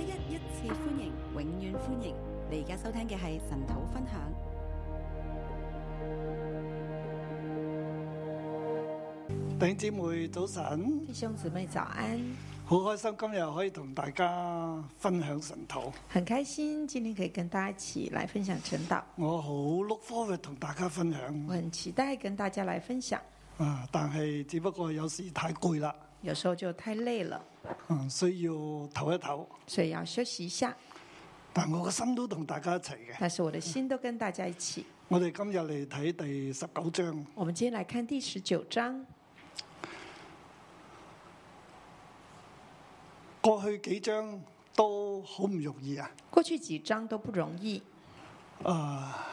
一,一一次歡迎，永遠歡迎。你而家收聽嘅係神道分享。弟兄姊妹早晨，弟兄姊妹早安。好開心今日可以同大家分享神道。很開心今天可以跟大家一起來分享神道。我好 look forward 同大家分享。我很期待跟大家來分享。啊，但係只不過有時太攰啦，有時候就太累了。嗯，需要唞一唞，所以要休息一下。但我個心都同大家一齊嘅。但是我的心都跟大家一起。我哋今日嚟睇第十九章。我們今天來看第十九章。過去幾章都好唔容易啊！過去幾章都不容易。啊，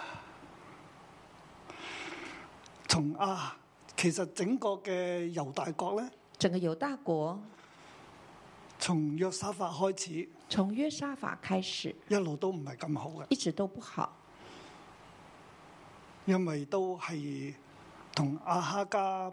從啊，其實整個嘅猶大國呢，整個猶大國。從約沙法開始，從約沙法開始，一路都唔係咁好嘅，一直都不好，因為都係同亞哈家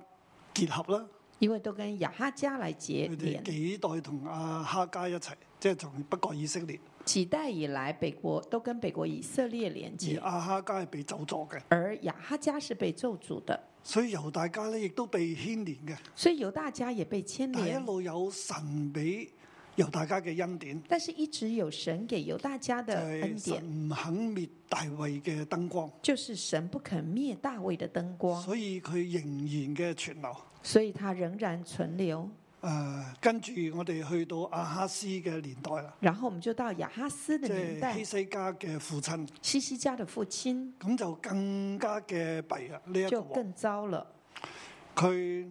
結合啦，因為都跟亞哈家嚟結，佢哋幾代同亞哈家一齊，即係從北國以色列幾代以來，北國都跟北國以色列連接，而亞哈家係被咒詛嘅，而亞哈家是被咒詛嘅。所以猶大家咧亦都被牽連嘅，所以猶大家也被牽連，連，一路有神俾。有大家嘅恩典，但是一直有神給有大家的恩典，唔、就是、肯滅大衛嘅燈光，就是神不肯滅大衛的燈光，所以佢仍然嘅存留，所以佢仍然存留。誒、呃，跟住我哋去到亞哈斯嘅年代啦，然後我們就到亞哈斯嘅年代，就是、希西家嘅父親，希西，西家嘅父親，咁就更加嘅弊啊，呢一就更糟了，佢。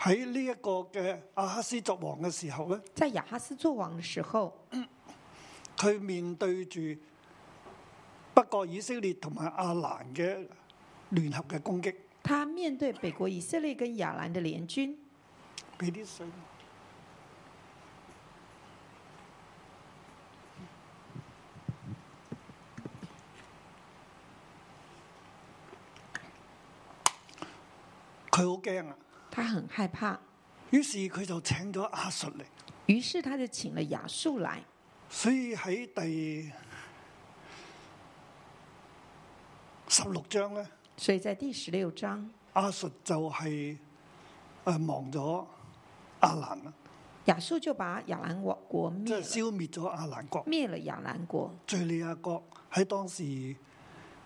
喺呢一個嘅亞哈斯作王嘅時候咧，在亞哈斯作王嘅時候，佢面對住北國以色列同埋阿蘭嘅聯合嘅攻擊。他面對北國以色列跟亞蘭嘅聯軍。俾啲聲。佢好驚啊！他很害怕，於是佢就請咗亞述嚟，於是他就請了亞述來。所以喺第十六章咧，所以在第十六章，亞述就係誒，亡咗亞蘭啦。亞述就把亞蘭國滅，即、就、係、是、消滅咗亞蘭國，滅了亞蘭國。敘利亞國喺當時。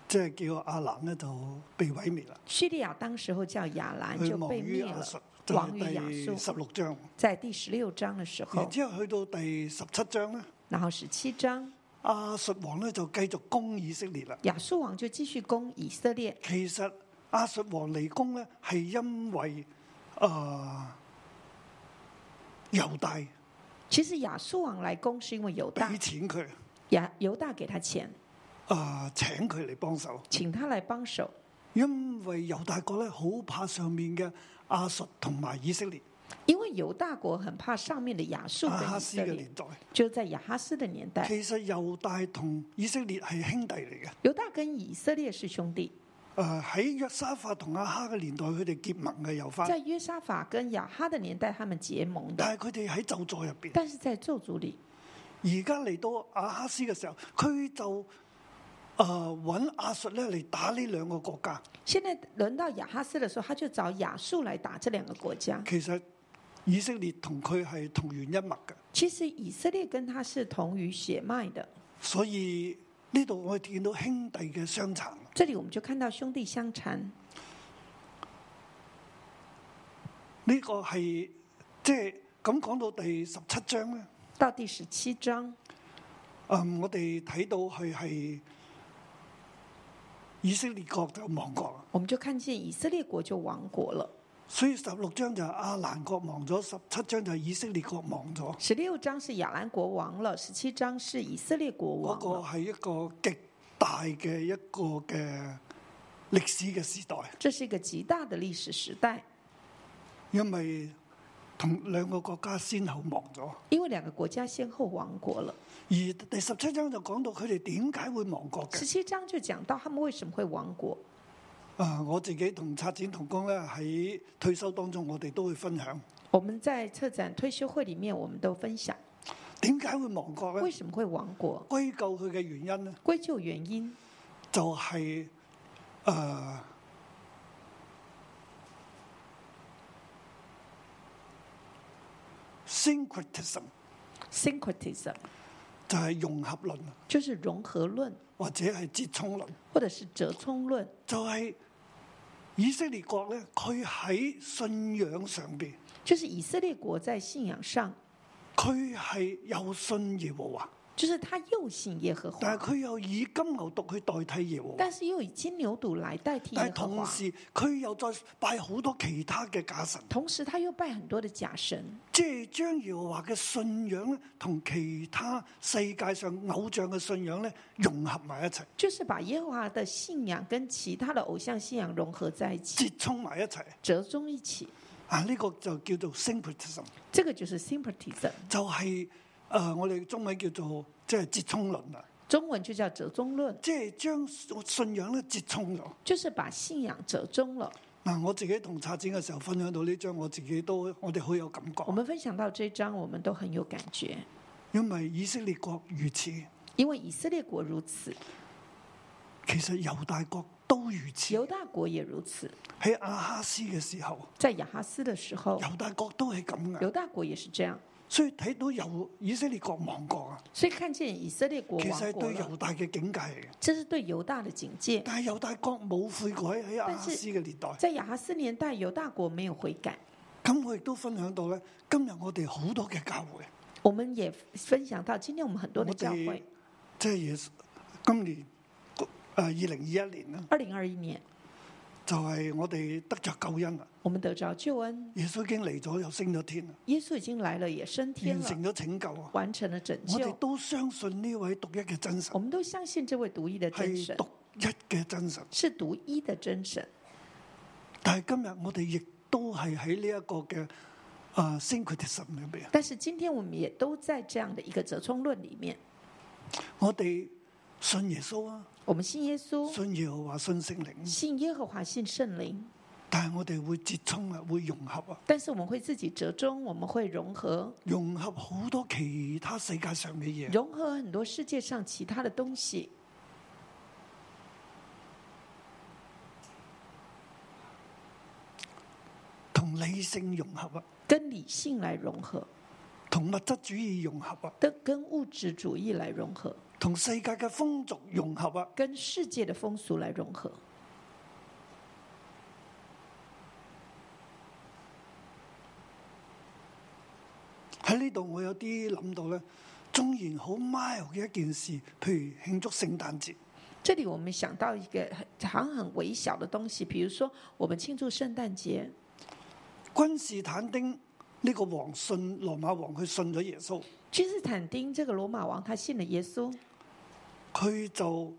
即係叫阿蘭呢就被毀滅啦。敘利亞當時候叫亞蘭就被滅了。去望於亞述，就係第十六章，在第十六章嘅時候。然之後去到第十七章呢，然後十七章，亞述王呢就繼續攻以色列啦。亞述王就繼續攻以色列。其實亞述王嚟攻呢，係因為啊呃、猶大，其實亞述王嚟攻係因為猶大俾錢佢，亞猶大給他錢。啊，請佢嚟幫手，請他嚟幫手，因為猶大國咧好怕上面嘅亞述同埋以色列。因為猶大國很怕上面嘅亞述。亞哈斯嘅年代，就是在亞哈斯嘅年代。其實猶大同以色列係兄弟嚟嘅。猶大跟以色列是兄弟。誒，喺約沙法同亞哈嘅年代，佢哋結盟嘅又翻。在約沙法跟亞哈嘅年代，他們結盟，們結盟。但係佢哋喺咒詛入邊，但是在咒詛裏，而家嚟到亞哈斯嘅時候，佢就……誒，搵亞述咧嚟，打呢兩個國家。現在輪到亞哈斯嘅時候，他就找亞述來打這兩個國家。其實以色列同佢係同源一脈嘅。其實以色列跟他是同於血脈嘅，所以呢度我哋見到兄弟嘅相殘。這裏我們就看到兄弟相殘。呢個係即係咁講到第十七章咧。到第十七章。嗯、我哋睇到佢係。以色列國就亡國啦，我們就看見以色列國就亡國了。所以十六章就亞蘭國亡咗，十七章就以色列國亡咗。十六章是亞蘭國亡了，十七章是以色列國亡了。嗰、那個係一個極大嘅一個嘅歷史嘅時代。這是一個極大的歷史時代，因為。同兩個國家先後亡咗，因為兩個國家先後亡國了。而第十七章就講到佢哋點解會亡國嘅。十七章就講到他們為什麼會亡國。啊，我自己同策展同工咧喺退休當中，我哋都會分享。我們在策展退休會裡面，我們都分享點解會亡國呢？為什麼會亡國？歸咎佢嘅原因呢？歸咎原因就係、是、啊。呃 Syncretism，Syncretism 就係融合論，就是融合論或者係折衷論，或者是折衷論就係、是、以色列國咧，佢喺信仰上邊，就是以色列國在信仰上佢係有信耶和華。就是他又信耶和華，但係佢又以金牛犢去代替耶和華，但是又以金牛犢來代替耶和華。但係同時佢又再拜好多其他嘅假神，同時他又拜很多嘅假神。即係將耶和華嘅信仰咧，同其他世界上偶像嘅信仰咧融合埋一齊，就是把耶和華嘅信仰跟其他的偶像信仰融合在一起，折衷埋一齊，折衷一起。啊，呢、這個就叫做 s y m p a t h i s m 呢個就是 s y m p a t h i s m 就係、是。誒、uh，我哋中文叫做即係折衷論啊！中文就叫折中論，即係將信仰咧折衷。咗，就是把信仰折衷。了。嗱、就是，我自己同插展嘅時候分享到呢張，我自己都我哋好有感覺。我們分享到這張，我們都很有感覺。因為以色列國如此，因為以色列國如此，其實猶大國都如此，猶大國也如此。喺亞哈斯嘅時候，在亞哈斯嘅時候，猶大國都係咁嘅，猶大國也是這樣。所以睇到有以色列國亡國啊！所以看見以色列國，國其實對猶大嘅警戒嚟嘅，即係對猶大，大的警戒。但係猶大國冇悔改喺亞哈斯嘅年代。在亞哈斯年代，猶大國沒有悔改。咁我亦都分享到咧，今日我哋好多嘅教會，我們也分享到，今天我們很多的教會，即係今、就是、今年，誒二零二一年啦，二零二一年。就係、是、我哋得着救恩啊！我們得着救恩。耶穌已經嚟咗，又升咗天啊！耶穌已經嚟了，也升天了。完成咗拯救啊！完成咗拯救。我哋都相信呢位獨一嘅真神。我們都相信這位獨一嘅真神。係獨一嘅真神。是獨一嘅真、真神。但係今日我哋亦都係喺呢一個嘅啊聖潔的心裏邊。但是今天我們也都在這樣的一個折中論裏面。我哋信耶穌啊！我們信耶穌，信耶和華，信聖靈。信耶和華，信聖靈。但係我哋會折衷啊，會融合啊。但是我們會自己折中，我們會融合，融合好多其他世界上嘅嘢，融合很多世界上其他嘅東西，同理性融合啊，跟理性來融合，同物質主義融合啊，跟跟物質主義來融合。同世界嘅風俗融合啊，跟世界的風俗嚟融合。喺呢度我有啲諗到咧，中原好 mile 嘅一件事，譬如慶祝聖誕節。這裡我們想到一個，好像很微小的東西，譬如說我們慶祝聖誕節。君士坦丁呢個王信羅馬王，佢信咗耶穌。君士坦丁這個羅馬王，他信了耶穌。佢就唔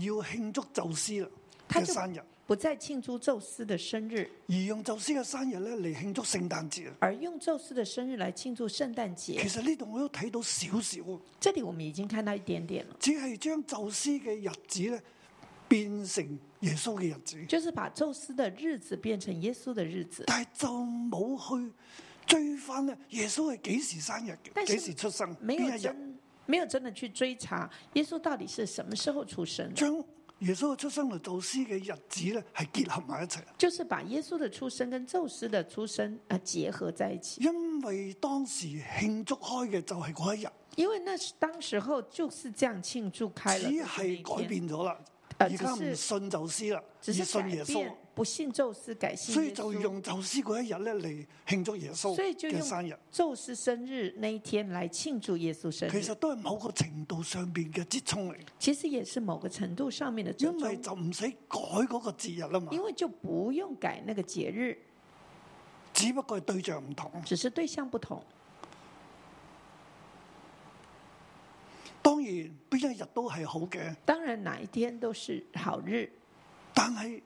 要慶祝宙斯啦嘅生日，不再慶祝宙斯嘅生日，而用宙斯嘅生日咧嚟慶祝聖誕節，而用宙斯嘅生日嚟慶祝聖誕節。其實呢度我都睇到少少，這裏我們已經看到一點點，只係將宙斯嘅日子咧變成耶穌嘅日子，就是把宙斯的日子變成耶穌的日子，但係就冇去追翻咧耶穌係幾時生日嘅，幾時出生，邊一日。沒有真的去追查耶穌到底是什麼時候出生的，將耶穌出生同宙斯嘅日子咧係結合埋一齊，就是把耶穌的出生跟宙斯的出生啊結合在一起。因為當時慶祝開嘅就係嗰一日，因為那當時候就是這樣慶祝開了。只係改變咗啦，而家唔信宙斯啦，而信耶穌。不信宙斯改信，所以就用宙斯嗰一日咧嚟慶祝耶穌所嘅生日。所以就用宙斯生日那一天嚟慶祝耶穌生日，其實都係某個程度上邊嘅接通嚟。其實也是某個程度上面嘅接軌，因為就唔使改嗰個節日啦嘛。因為就不用改那個節日，只不過係對象唔同。只是對象不同。當然，邊一日都係好嘅。當然，哪一天都是好日。但係。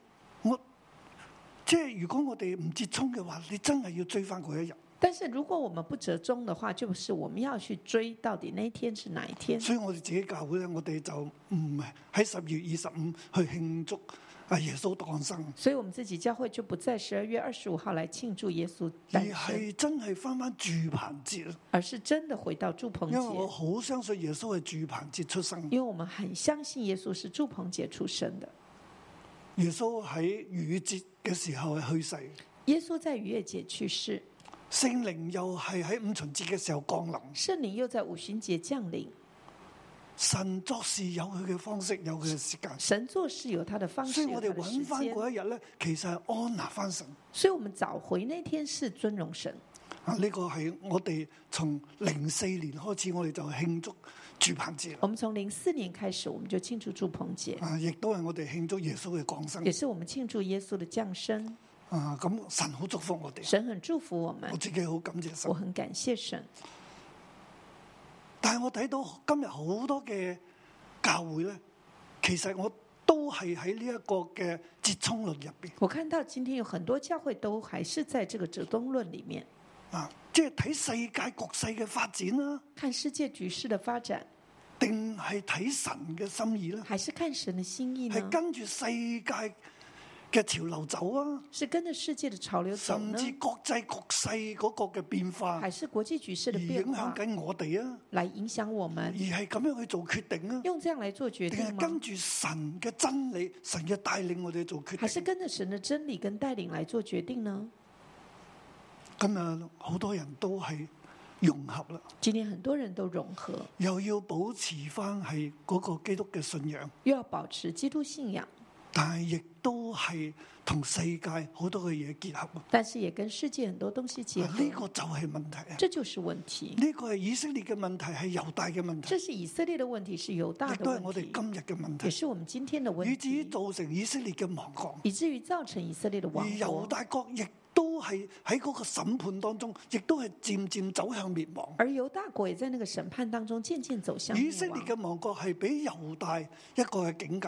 即係如果我哋唔折衷嘅話，你真係要追翻佢一日。但是如果我們不折衷嘅話，就是我們要去追到底那一天是哪一天。所以我哋自己教會咧，我哋就唔係喺十月二十五去慶祝阿耶穌誕生。所以我們自己教會就不在十二月二十五號來慶祝耶穌誕生，而係真係翻翻住棚節。而是真的回到住棚節，我好相信耶穌係住棚節出生。因為我們很相信耶穌是住棚節出生的。耶穌喺逾越節嘅時候係去世。耶穌在逾越節去世，聖靈又係喺五旬節嘅時候降臨。聖靈又在五旬節降臨。神作事有佢嘅方式，有佢嘅時間。神作事有他嘅方式，所以我哋揾翻嗰一日咧，其實係安拿翻神。所以我們找回呢天是尊榮神。啊，呢、這個係我哋從零四年開始，我哋就慶祝。住棚節，我們從零四年開始，我們就慶祝住棚節。啊，亦都係我哋慶祝耶穌嘅降生。也是我們慶祝耶穌的降生。啊，咁神好祝福我哋。神很祝福我們。我自己好感謝神。我很感謝神。但係我睇到今日好多嘅教會咧，其實我都係喺呢一個嘅折衷論入邊。我看到今天有很多教會都還是在這個折衷論裡面。啊。即係睇世界局勢嘅發展啊，看世界局勢嘅發展，定係睇神嘅心意呢？還是看神嘅心意？係跟住世界嘅潮流走啊？是跟着世界嘅潮流走啊？甚至國際局勢嗰個嘅變化，還是國際局勢而影響緊我哋啊？來影響我們？而係咁樣去做決定啊？用這樣來做決定？定係跟住神嘅真理、神嘅帶領我哋做決定？還是跟着神嘅真理跟帶領來做決定呢？咁啊，好多人都係融合啦。今天很多人都融合，又要保持翻係嗰個基督嘅信仰。又要保持基督信仰，但係亦都係同世界好多嘅嘢結合。但是也跟世界很多東西結合。呢個就係問題啊！這就是問題，呢、這個係以色列嘅問題，係猶大嘅問題。這是以色列嘅問題，是猶大的問題，都係我哋今日嘅問題，也是我們今天嘅問題，以至於造成以色列嘅亡國，以至於造成以色列嘅亡國，而猶大國亦，係喺嗰個審判當中，亦都係漸漸走向滅亡。而猶大國也在那個審判當中漸漸走向滅亡。以色列嘅亡國係俾猶大一個嘅警戒。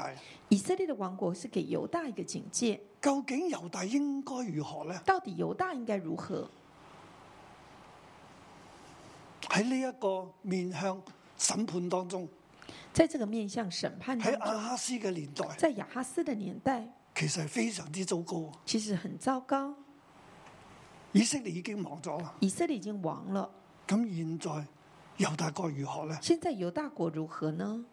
以色列嘅王國是給猶大一個警戒。究竟猶大應該如何呢？到底猶大應該如何？喺呢一個面向審判當中，在這個面向審判，喺亞哈斯嘅年代，在亞哈斯的年代，其實係非常之糟糕。其實很糟糕。以色列已經亡咗。以色列已經亡了。咁現在猶大國如何呢？現在猶大國如何呢？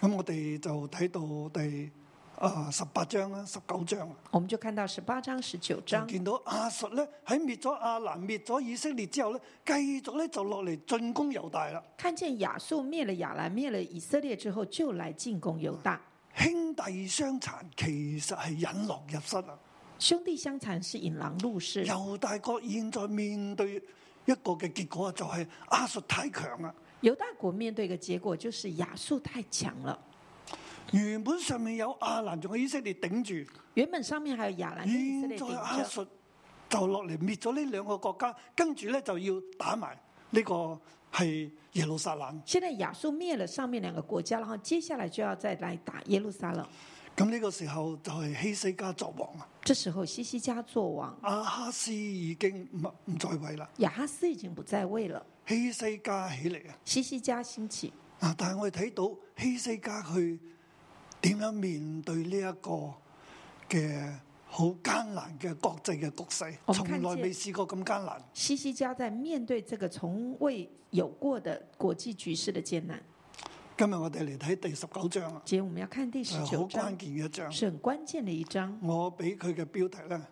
咁我哋就睇到第啊十八章啦，十九章。我們就看到十八章、十九章，見到亞述呢，喺滅咗亞蘭、滅咗以色列之後呢，繼續呢就落嚟進攻猶大啦。看見亞述滅了亞蘭、滅了以色列之後，就來，看之後就來進攻猶大。兄弟相殘，其實係引狼入室啊。兄弟相殘是引狼入室。猶大國現在面對一個嘅結果就係亞述太強啦。猶大國面對嘅結果就是亞述太強了。原本上面有亞蘭仲有以色列頂住，原本上面還有亞蘭，現在亞述就落嚟滅咗呢兩個國家，跟住咧就要打埋呢個係耶路撒冷。現在亞述滅了上面兩個國家，然後接下來就要再來打耶路撒冷。咁、這、呢個時候就係希西家作王啊！這時候希西，西家作王，亞哈斯已經唔唔在位啦。亞哈斯已經不在位了，希西，西家起嚟啊！希西家興起啊！但係我哋睇到希西家去點樣面對呢一個嘅好艱難嘅國際嘅局勢，從來未試過咁艱難。希西，西家在面對這個從未有過的國際局勢的艱難。今日我哋嚟睇第十九章啊！姐，我們要看第十九章，好關鍵嘅一章，係很關鍵嘅一章。我俾佢嘅標題啦，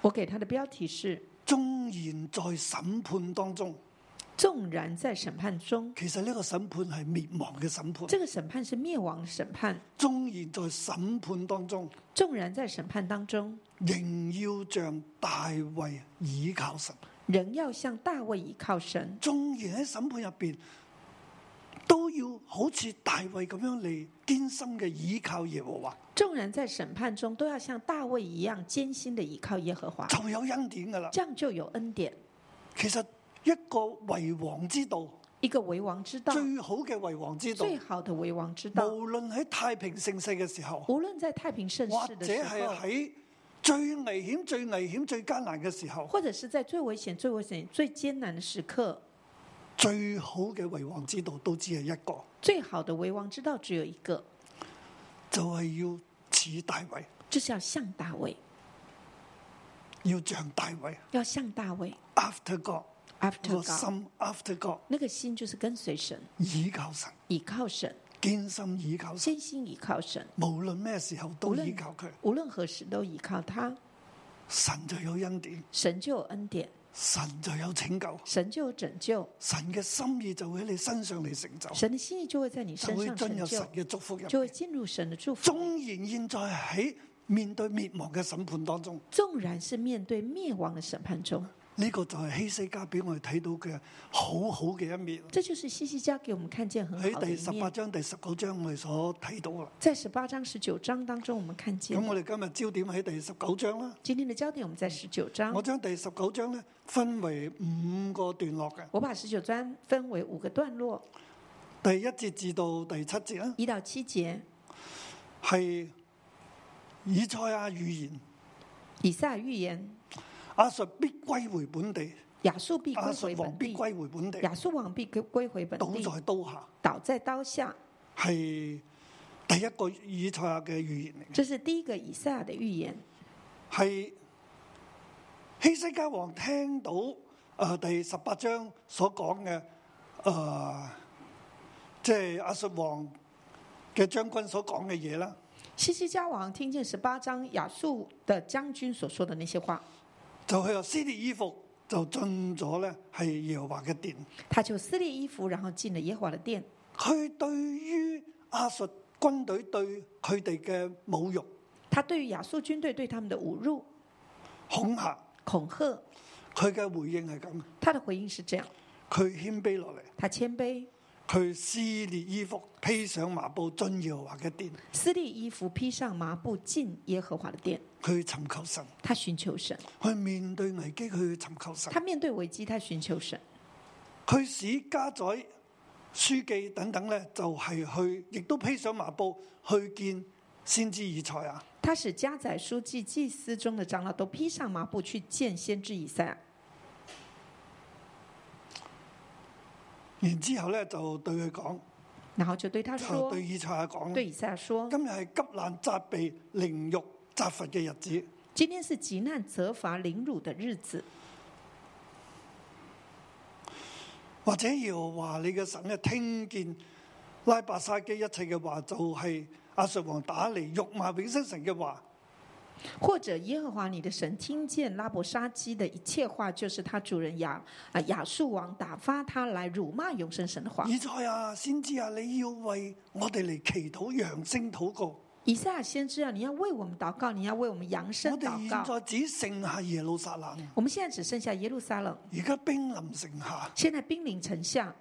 我給他的標題是：縱然在審判當中，縱然在審判中，其實呢個審判係滅亡嘅審判。這個審判是滅亡的審判。縱然在審判當中，縱然在審判當中，仍要像大衛倚靠神，仍要向大衛倚靠神。縱然喺審判入邊。都要好似大衛咁樣嚟堅心嘅依靠耶和華。眾人在審判中都要像大衛一樣堅心的依靠耶和華。就有恩典噶啦。這樣就有恩典。其實一個為王之道，一個為王之道，最好嘅為王之道，最好的為王之道。無論喺太平盛世嘅時候，無論在太平盛世嘅時候，或者係喺最危險、最危險、最艱難嘅時候，或者是在最危險、最危險、最艱難嘅時刻。最好嘅為王之道都只係一個，最好的為王之道只有一個，就係要似大衛，就是要像大衛。要像大衛，要像大衛。After God，After God，心 After God，那個心就是跟隨神，倚靠神，倚靠神，堅心倚靠神，堅心倚靠神，無論咩時候都倚靠佢，無論何時都倚靠他。神就有恩典，神就有恩典。神就有拯救，神就有拯救，神嘅心意就會喺你身上嚟成就，神嘅心意就會喺你身上成就，進入神嘅祝福就會進入神嘅祝福。縱然現在喺面對滅亡嘅審判當中，縱然是面對滅亡嘅審判中。呢、這個就係希西家俾我哋睇到嘅好好嘅一面。這就是希西家給我們看見嘅。喺第十八章、第十九章我哋所睇到啦。在十八章十九章當中，我們看見。咁我哋今日焦點喺第十九章啦。今天的焦點，我們在十九章。我將第十九章咧分為五個段落嘅。我把十九章分為五個段落。第一節至到第七節啦。一到七節係以賽亞預言。以賽亞預言。阿述必歸回，回本地，亞述必歸回本地，亞述王必歸歸回本地。倒在刀下，倒在刀下，係第一個以賽亞嘅預言嚟。這是第一個以賽亞嘅預言。係希西家王聽到啊、呃、第十八章所講嘅啊，即係阿述王嘅將軍所講嘅嘢啦。希西，西家王聽見十八章亞述嘅將軍所說嘅那些話。就去撕裂衣服，就進咗咧係耶和華嘅殿。他就撕裂衣服，然後進了耶和華的殿。佢對於亞述軍隊對佢哋嘅侮辱，他對於亞述軍隊對他們的侮辱，恐嚇，恐嚇，佢嘅回應係咁。他的回應是這樣，佢謙卑落嚟。他謙卑。去撕裂衣服，披上麻布進耶和華嘅殿。撕裂衣服，披上麻布進耶和華的殿。去尋求神，他尋求神。去面對危機，去尋求神。他面對危機，他尋求神。去使家宰書記等等咧，就係、是、去，亦都披，去、啊、祭祭都披上麻布去見先知以賽亞。他使家宰書記祭司中嘅長老都披上麻布去見先知以賽亞。然之後咧，就對佢講，然後就對他，說就對他說，對以賽講，對以賽說，今日係急難責備凌辱責罰嘅日子，今天是急難責罰凌辱的日子，或者要話你嘅神嘅聽見拉伯沙基一切嘅話，就係、是、亞述王打嚟辱罵永生神嘅話。或者耶和華你的神聽見拉伯沙基的一切話，就是他主人亞啊亞述王打發他來辱罵永生神，神的話。以賽亞，先知啊，你要為我哋嚟祈禱、揚聲禱告。以賽亞先知啊，你要為我們禱告，你要為我們揚聲禱告。我哋現在只剩下耶路撒冷。我們現在只剩下耶路撒冷。而家兵臨城下。現在兵臨城下，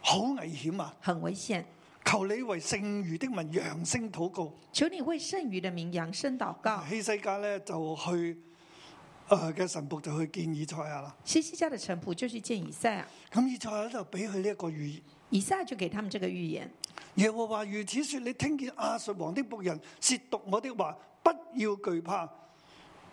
好危險啊！很危險。求你為剩餘的民揚聲禱告。求你為剩餘的民揚聲禱告。希西家咧就去，誒、呃、嘅神僕就去見以賽亞。希西家嘅神僕就去見以賽亞。咁以賽亞咧就俾佢呢一個預言，以賽亞就給他們這個預言。耶和華如此說：你聽見亞述王的僕人褻瀆我的話，不要懼怕。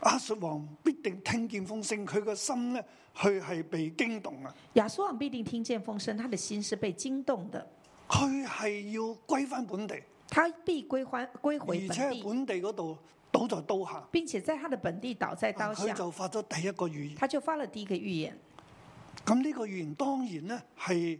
阿述王必定聽見風聲，佢個心咧，佢係被驚動啊！亞述王必定聽見風聲，他的心是被驚動的。佢係要歸翻本地，他必歸翻歸回本地，而且本地嗰度倒在刀下，並且在他的本地倒在刀下。佢就發咗第一個預言，他就發了第一個預言。咁、這、呢個預言當然咧係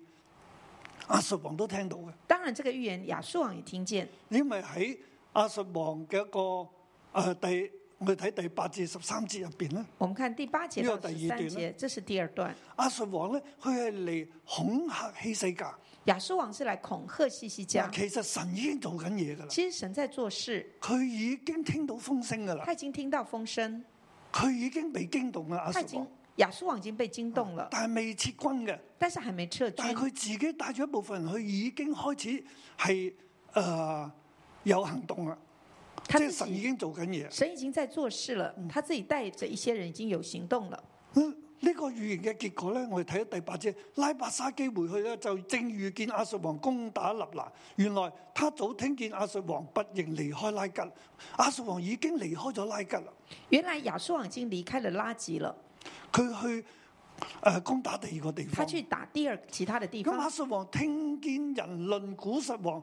阿述王都聽到嘅。當然，這個預言亞述王也聽見，因為喺阿述王嘅一個誒、呃、第。我哋睇第八至十三節入邊咧，我們看第八節到十三節，這，個、第這是第二段。亞述王呢，佢係嚟恐嚇希西家。亞述王是嚟恐嚇希西家。其實神已經做緊嘢噶啦。其實神在做事，佢已經聽到風聲噶啦。他已經聽到風聲，佢已經被驚動啦。阿已經亞述王已經被驚動了，但係未撤軍嘅。但是還沒撤軍，佢自己帶住一部分人，佢已經開始係誒、呃、有行動啦。即神已經做緊嘢，神已經在做事了、嗯。他自己帶着一些人已經有行動了。嗯，呢個預言嘅結果呢，我哋睇第八節，拉伯沙基回去呢，就正遇見亞述王攻打立拿。原來他早聽見亞述王不認離開拉吉，亞述王已經離開咗拉吉啦。原來亞述王已經離開了拉吉了。佢去、呃、攻打第二個地方，他去打第二其他的地方。咁亞述王聽見人論古實王。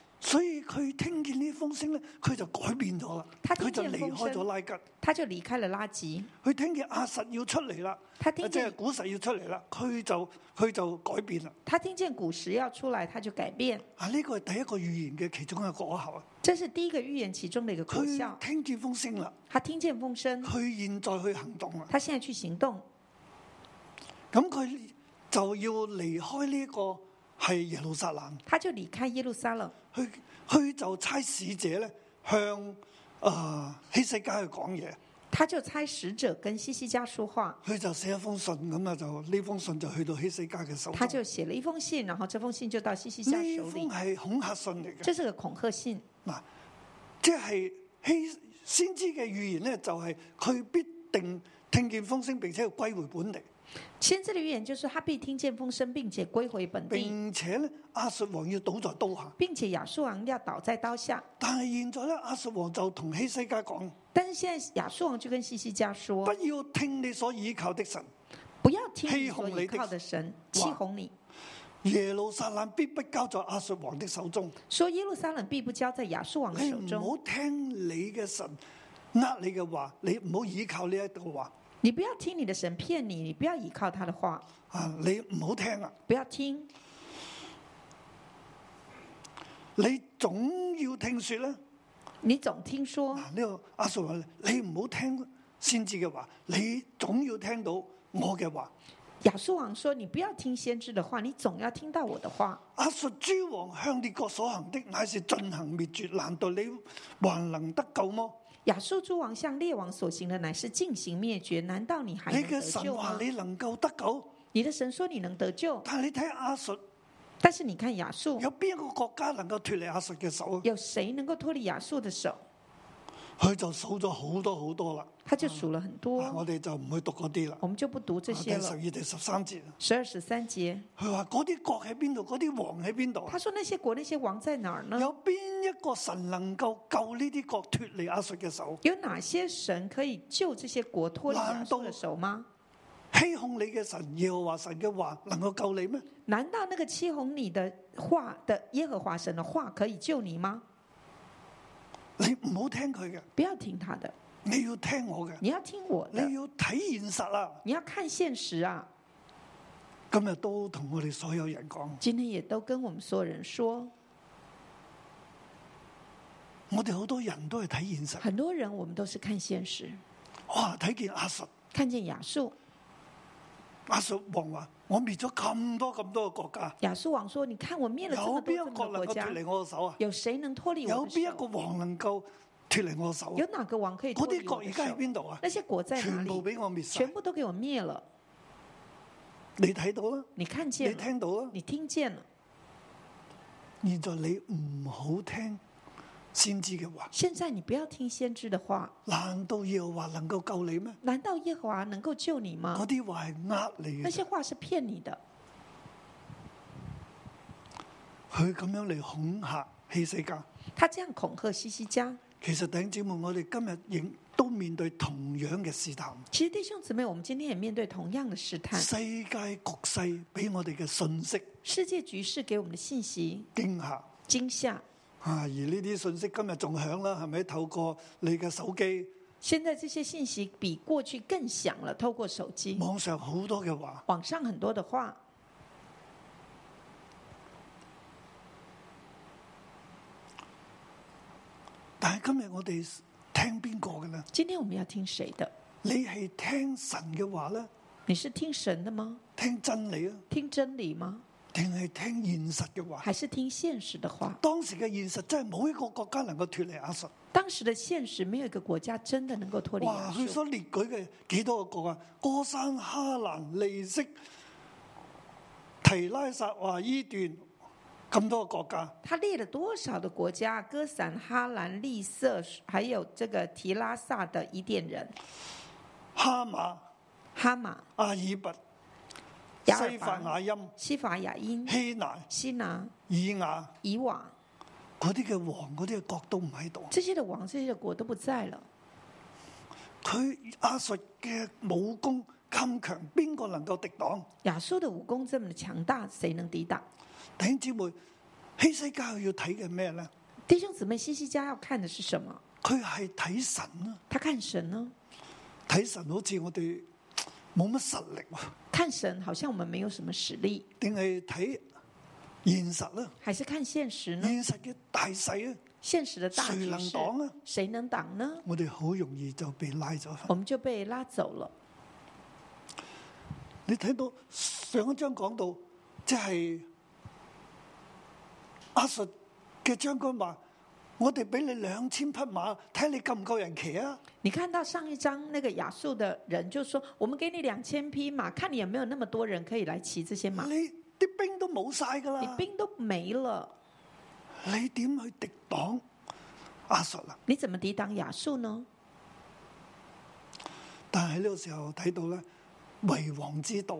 所以佢聽見呢風聲咧，佢就改變咗啦，佢就離開咗拉吉。他就離開了拉吉。佢聽見阿實、啊、要出嚟啦、啊，即係古實要出嚟啦，佢就佢就改變啦。他聽見古實要出來，他就改變。啊，呢、這個係第一個預言嘅其中嘅果效啊。這是第一個預言其中的一個果效。佢聽見風聲啦。他聽見風聲。佢現在去行動啦。他現在去行動。咁佢就要離開呢、這個。係耶路撒冷，他就離開耶路撒冷，去去就差使者咧，向啊希西家去講嘢，他就差使、呃、使者跟希西家說話。佢就寫一封信咁啊，就呢封信就去到希西家嘅手，佢就寫咗一封信，然後這封信就到希西家手裏，呢封係恐嚇信嚟嘅，即係個恐嚇信。嗱，即係希先知嘅預言咧，就係佢必定聽見風聲，並且要歸回本地。先知的預言就是，他必聽見風聲，並且歸回本地，並且呢，亞述王要倒在刀下，並且亞述王要倒在刀下。但係現在呢，亞述王就同希西家講，但是現在亞述王就跟希西，西家說，不要聽你所倚靠的神，不要聽你所倚靠的神欺哄，哄你。耶路撒冷必不交在亞述王的手中，說耶路撒冷必不交在亞述王的手中。唔好聽你嘅神呃你嘅話，你唔好倚靠呢一個話。你不要聽你的神騙你，你不要依靠他的話。啊，你唔好聽啊！不要聽，你總要聽說啦。你總聽說。呢、啊這個亞述王你唔好聽先知嘅話，你總要聽到我嘅話。亞述王說：你不要聽先知的話，你總要聽到我的話。亞述諸王向列國所行的乃是進行滅絕，難道你還能得救嗎？亞述諸王向列王所行的乃是進行滅絕，難道你還得救？你嘅神話，你能夠得救？你的神說你能得救。但你睇亞述，但是你看亞述，有邊一個國家能夠脫離亞述嘅手？有誰能夠脫離亞述的手？佢就數咗好多好多啦。他就數了很多，啊。我哋就唔去讀嗰啲啦。我們就不讀這些了。第十二、第十三節。十二、十三節。佢話嗰啲國喺邊度，嗰啲王喺邊度？他說那些國、那些王在哪呢？有邊一個神能夠救呢啲國脫離亞述嘅手？有哪些神可以救這些國脫離亞述嘅手嗎？欺哄你嘅神耶和華神嘅話能夠救你咩？難道那個欺哄你的話的耶和華神的話可以救你嗎？你唔好聽佢嘅，不要聽他的。你要聽我嘅，你要聽我的。你要睇現實啦，你要看現實啊。今日都同我哋所有人講，今天也都跟我們所有人說，我哋好多人都係睇現實。很多人，我們都是看現實。哇，睇見亞述，看見亞述，亞述王話：我滅咗咁多咁多個國家。亞述王說：你看我滅咗咁多咁多國家，有邊一個能夠脫離我手啊？有誰能脫離？有邊一個王能夠？有哪個王可以？嗰啲國而家喺邊度啊？那些國在哪裏？全部俾我滅，全部都給我滅了。你睇到啦？你看見？你聽到啦？你聽見了？現在你唔好聽先知嘅話。現在你不要聽先知嘅話。難道耶和華能夠救你咩？難道耶和華能夠救你嗎？嗰啲話係呃你，那些話是騙你的。佢咁樣嚟恐嚇希西家。他這樣恐嚇希西家。其實弟兄姊妹，我哋今日亦都面對同樣嘅試探。其實弟兄姊妹，我們今天也面對同樣的試探。世界局勢俾我哋嘅信息，世界局勢給我們的信息驚嚇驚嚇啊！而呢啲信息今日仲響啦，係咪透過你嘅手機？現在這些信息比過去更響了，透過手機。網上好多嘅話，網上很多的話。但係今日我哋聽邊個嘅呢？今天我們要聽誰的？你係聽神嘅話呢？你是聽神的嗎？聽真理啊？聽真理嗎？定係聽現實嘅話？還是聽現實的話？當時嘅現實真係冇一個國家能夠脫離阿實。當時嘅現實沒有一個國家真的能夠脫離阿實。哇！佢所列舉嘅幾多個國家：哥山哈蘭、利色、提拉撒華、華伊段。咁多個國家，他列了多少的國家？歌散、哈蘭、利瑟，還有這個提拉薩的伊甸人，哈馬、哈馬、阿爾拔、西法雅音、西法雅音、希拿、希拿、以雅、以王，嗰啲嘅王，嗰啲嘅國都唔喺度。這些的王，這些國都不在了。佢亞述嘅武功咁強，邊個能夠抵擋？亞述嘅武功這麼強大，誰能抵擋？弟兄姊妹，希西家要睇嘅咩咧？弟兄姊妹，希西家要看嘅是什麼？佢係睇神啊！他看神啊！睇神好似我哋冇乜實力。看神，好像我們沒有什麼實力。定係睇現實呢？還是看現實呢？現實嘅大勢啊！現實嘅大勢，誰能擋啊？誰能擋呢？我哋好容易就被拉咗。我們就被拉走啦。你睇到上一章講到，即係。阿叔嘅將軍話：，我哋俾你兩千匹馬，睇你夠唔夠人騎啊！你看到上一張那個亞述的人就說：，我們給你兩千匹馬，看你有沒有那麼多人可以來騎這些馬。你啲兵都冇晒噶啦，你兵都沒了，你點去抵擋亞述啦？你怎麼抵擋亞述呢？但係呢個時候睇到咧，為王之道。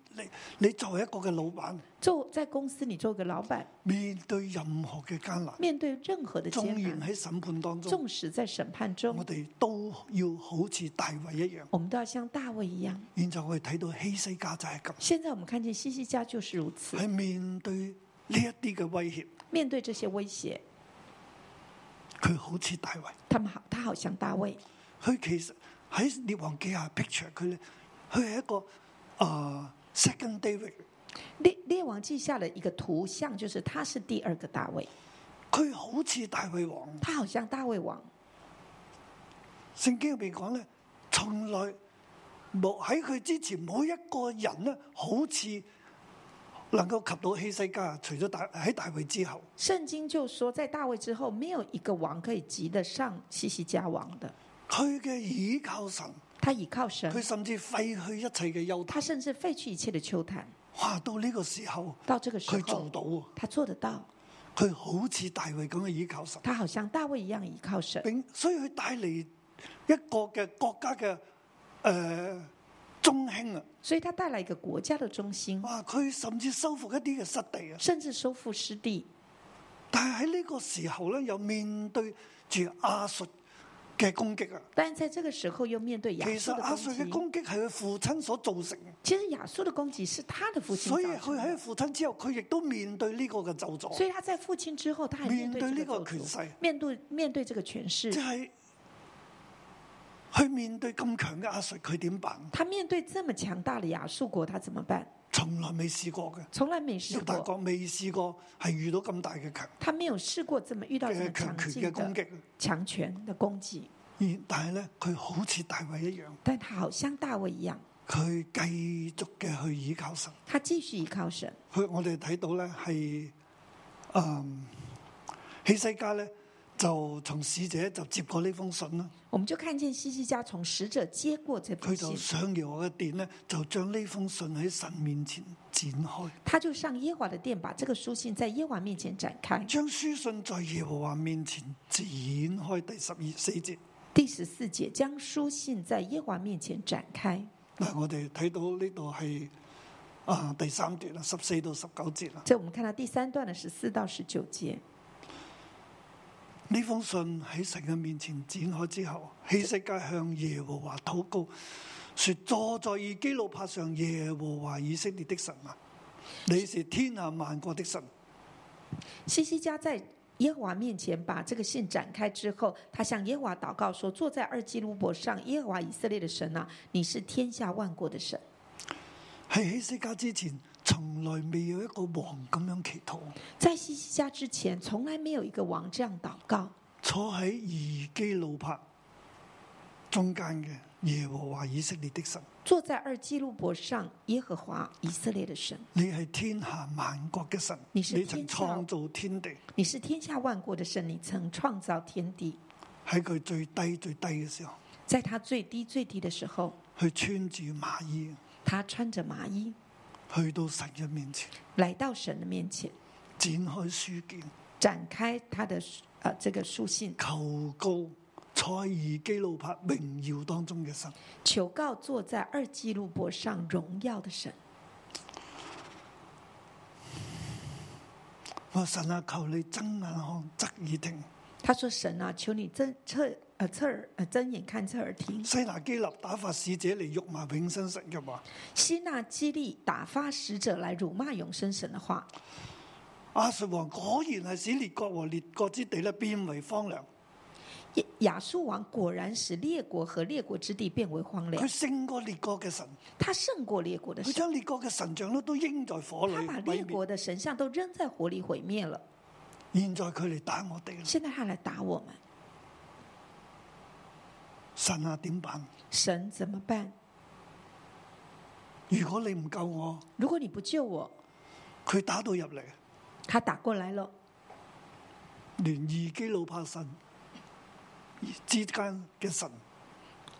你你作為一個嘅老闆，做在公司你做個老闆，面對任何嘅艱難，面對任何嘅重難，縱然喺審判當中，縱使在審判中，我哋都要好似大衛一樣，我們都要像大衛一樣。現在我哋睇到希西家就係咁，現在我們看見希西、西家就是如此。喺面對呢一啲嘅威脅，面對這些威脅，佢好似大衛，他們好、好，他好像大衛。佢其實喺列王記下 picture 佢咧，佢係一個誒。呃 second 大衛，列列王記下了一個圖像，就是他是第二個大衛，佢好似大衛王，他好像大衛王。聖經入邊講咧，從來冇喺佢之前冇一個人咧，好似能夠及到希西家，除咗大喺大衛之後。聖經就說，在大衛之後，沒有一個王可以及得上希西家王的。佢嘅倚靠神。他倚靠神，佢甚至廢去一切嘅丘壇，他甚至廢去一切嘅丘壇。哇！到呢個時候，到這個時候，佢做到，啊，他做得到，佢好似大衛咁樣倚靠神，他好像大衛一樣倚靠神，所以佢帶嚟一個嘅國家嘅誒中興啊！所以，他帶嚟一個國家嘅中，中興。哇！佢甚至收復一啲嘅失地啊，甚至收復失地。但係喺呢個時候咧，又面對住亞述嘅攻擊啊！但係在這個時候又面對亞述的攻擊。其實亞述嘅攻擊係佢父親所造成嘅。其實亞述嘅攻擊是他的父親造成。所以佢喺父親之後，佢亦都面對呢個嘅咒詛。所以他在父親之後，他係面對呢個權勢。面對面對這個權勢。去面對咁強嘅亞述，佢點辦？他面對這麼強大的亞述國，他怎麼辦？從來未試過嘅。從來沒試過。英國未試過係遇到咁大嘅強。他沒有試過這麼遇到咁強嘅攻擊。強權嘅攻擊。強權的攻擊。但係咧，佢好似大衛一樣。但係好像大衛一樣。佢繼續嘅去依靠神。他繼續依靠神。佢我哋睇到咧係，誒、嗯，喺世界咧。就從使者就接過呢封信啦。我們就看見希西家從使者接過這封信，佢就上耶和華嘅殿呢，就將呢封信喺神面前展開。他就上耶和華的殿，把這個書信在耶和華面前展開。將書信在耶和華面前展開，第十二四節，第十四節，將書信在耶和華面前展開。嗱，我哋睇到呢度係啊第三段啦，十四到十九節啦。即係我們看到第三段的十四到十九節。呢封信喺神嘅面前展開之後，希西家向耶和華禱告，說：坐在以基路伯上，耶和華以色列的神啊，你是天下萬國的神。希西家在耶和華面前把這個信展開之後，他向耶和華禱告說：坐在二基路伯上，耶和華以色列的神啊，你是天下萬國的神。喺希西家之前。從來未有一個王咁樣祈禱。在西西家之前，從來沒有一個王這樣禱告。坐喺二基路伯中間嘅耶和華以色列的神。坐在二基路伯上，耶和華以色列的神。你係天下萬國嘅神，你曾創造天地。你是天下萬國嘅神，你曾創造天地。喺佢最低最低嘅時候，在他最低最低嘅時候，佢穿住麻衣。他穿着麻衣。去到神嘅面前，來到神嘅面前，展開書卷，展開他的啊、呃，這個書信求告賽爾基路伯榮耀當中嘅神，求告坐在二基路伯上榮耀嘅神。我神啊，求你睜眼看，側耳聽。他說：神啊，求你睜側。側、呃、耳，睜眼看側耳聽。西拿基立打，基打發使者嚟辱罵永生神嘅話。西拿基立打發使者嚟辱罵永生神嘅話。亞述王果然係使列國和列國之地咧，變為荒涼。亞亞述王果然使列國和列國之地變為荒涼。佢勝過列國嘅神，他勝過列國的神。佢將列國嘅神像都都扔在火裏，他把列國嘅神像都扔在火裏毀滅了。現在佢嚟打我哋。現在他嚟打我們。神啊，點辦？神怎麼辦？如果你唔救我，如果你不救我，佢打到入嚟，他打過嚟咯。連二基路伯神之間嘅神，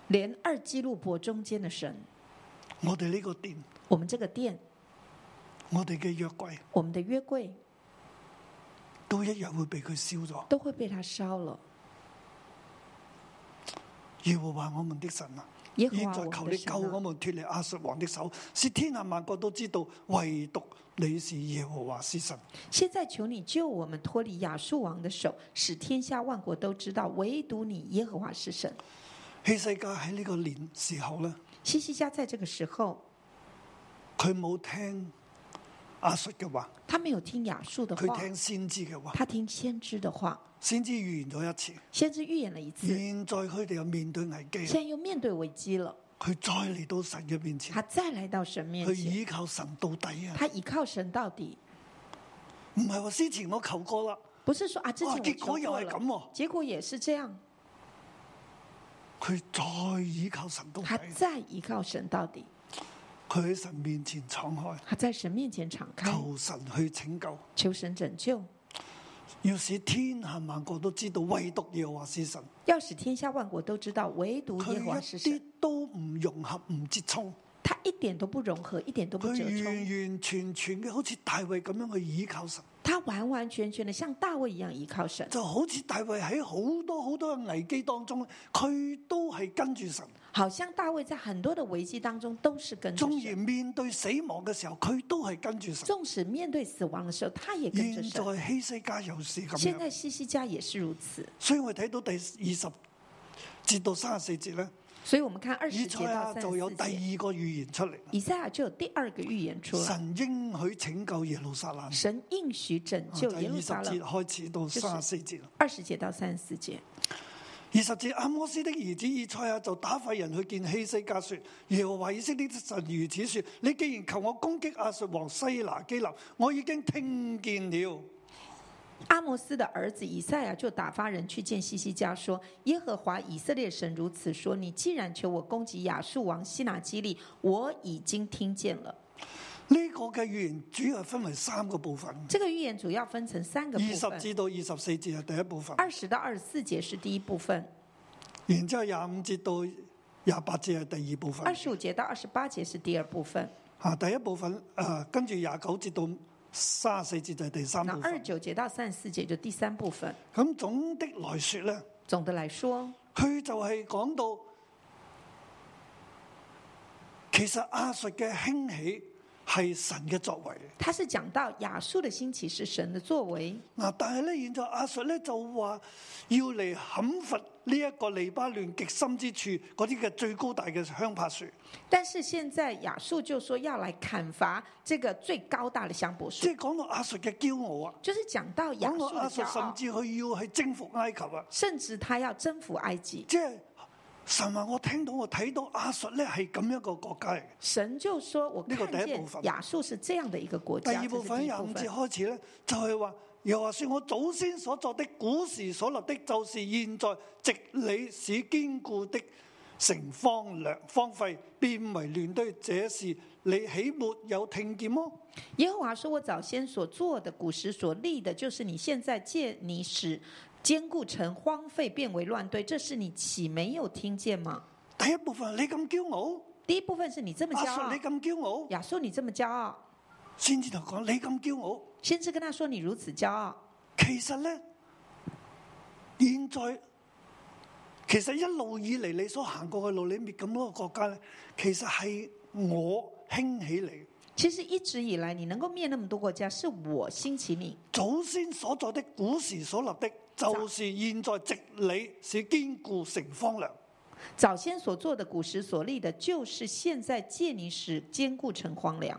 連二基路伯中間的神，我哋呢個店，我們這個店，我哋嘅約櫃，我們的約櫃，都一樣會被佢燒咗，都會被他燒了。耶和華我們的神啊！現在求你救我們脫離亞述王的手，使天下萬國都知道，唯獨你是耶和華是神。現在求你救我們脫離亞述王的手，使天下萬國都知道，唯獨你耶和華是神。希、這個、世界喺呢個年時候呢？希西家在這個時候，佢冇聽。亞述嘅話，他沒有聽亞述的話。佢聽先知嘅話，他聽先知的話。先知預言咗一次，先知預言了一次。現在佢哋又面對危機，現在又面對危機了。佢再嚟到神嘅面前，他再來到神面前，佢依靠神到底啊！他依靠神到底。唔係話之前我求過啦，不是說啊，之前、啊、結果又係咁、啊。結果也是這樣。佢再依靠神到底、啊，他再依靠神到底。佢喺神面前敞開，喺，在神面前敞開，求神去拯救，求神拯救，要使天下萬國都知道，唯獨耶和華是神。要使天下萬國都知道，唯獨耶和華是神。啲都唔融合，唔接冲。佢一點都不融合，一點都不接。佢完完全全嘅，好似大衛咁樣去依靠神。他完完全全嘅，像大衛一樣依靠神。就好似大衛喺好多好多嘅危機當中，佢都係跟住神。好像大衛在很多的危機當中都是跟住。縱然面對死亡嘅時候，佢都係跟住神。縱使面對死亡嘅時候，他也跟住神。現在希西家又是咁。現在希西家也是如此。所以我哋睇到第二十節到三十四節呢，所以我們看二十節到三十四節就有第二個預言出嚟。以下就有第二個預言出嚟。神應許拯救耶路撒冷。神應許拯救耶路撒冷。二十節開始到三十四節。二十節到三十四節。二十節，阿摩斯的兒子以賽亞就打發人去見希西家說：耶和華以色列的神如此說：你既然求我攻擊亞述王西拿基立，我已經聽見了。阿摩斯的兒子以賽亞就打發人去見希西家說：耶和華以色列神如此說：你既然求我攻擊亞述王西拿基立，我已經聽見了。呢、這個嘅預言主要分為三個部分。呢個預言主要分成三個部分。二十至到二十四節係第一部分。二十到二十四節是第一部分。然之後廿五節到廿八節係第二部分。二十五節到二十八節是第二部分。吓，第一部分，誒，跟住廿九節到三十四節就係第三。咁二九節到三十四節就第三部分。咁總的來說呢，總的來說，佢就係講到，其實阿術嘅興起。係神嘅作為，他是講到亞述嘅興起是神嘅作為。嗱，但係咧，現在亞述咧就話要嚟砍伐呢一個黎巴嫩極深之處嗰啲嘅最高大嘅香柏樹。但是現在亞述就說要嚟砍伐這個最高大嘅香柏樹，即係講到亞述嘅驕傲啊！就是講到亞述甚至佢要去征服埃及啊，甚至他要征服埃及，即係。神話我聽到我睇到亞述咧係咁一個國家。神就說我呢個第一部分，亞述是這樣的一個國家。第，第二部分又開始咧，就係話又話說，我祖先所作的古時所立的，就是現在借你使堅固的城荒涼荒廢變為亂堆，這事你豈沒有聽見麼？耶和華說我早先所做的古時所立的，就是你現在借你使。堅固城荒廢變為亂堆，這是你豈沒有聽見嗎？第一部分，你咁驕傲。第一部分是你這麼驕傲。亞述，你咁驕傲。亞述，你這麼驕傲。先知同講，你咁驕傲。先知跟他說，你如此驕傲。其實呢，現在其實一路以嚟你所行過嘅路，你滅咁多個國家咧，其實係我興起嚟。其實一直以來你，來以來你能夠滅那麼多國家，是我興起你祖先所在的古時所立的。就是現在直理是堅固城荒涼。早先所做的，古時所立的，就是現在借你使堅固城荒涼。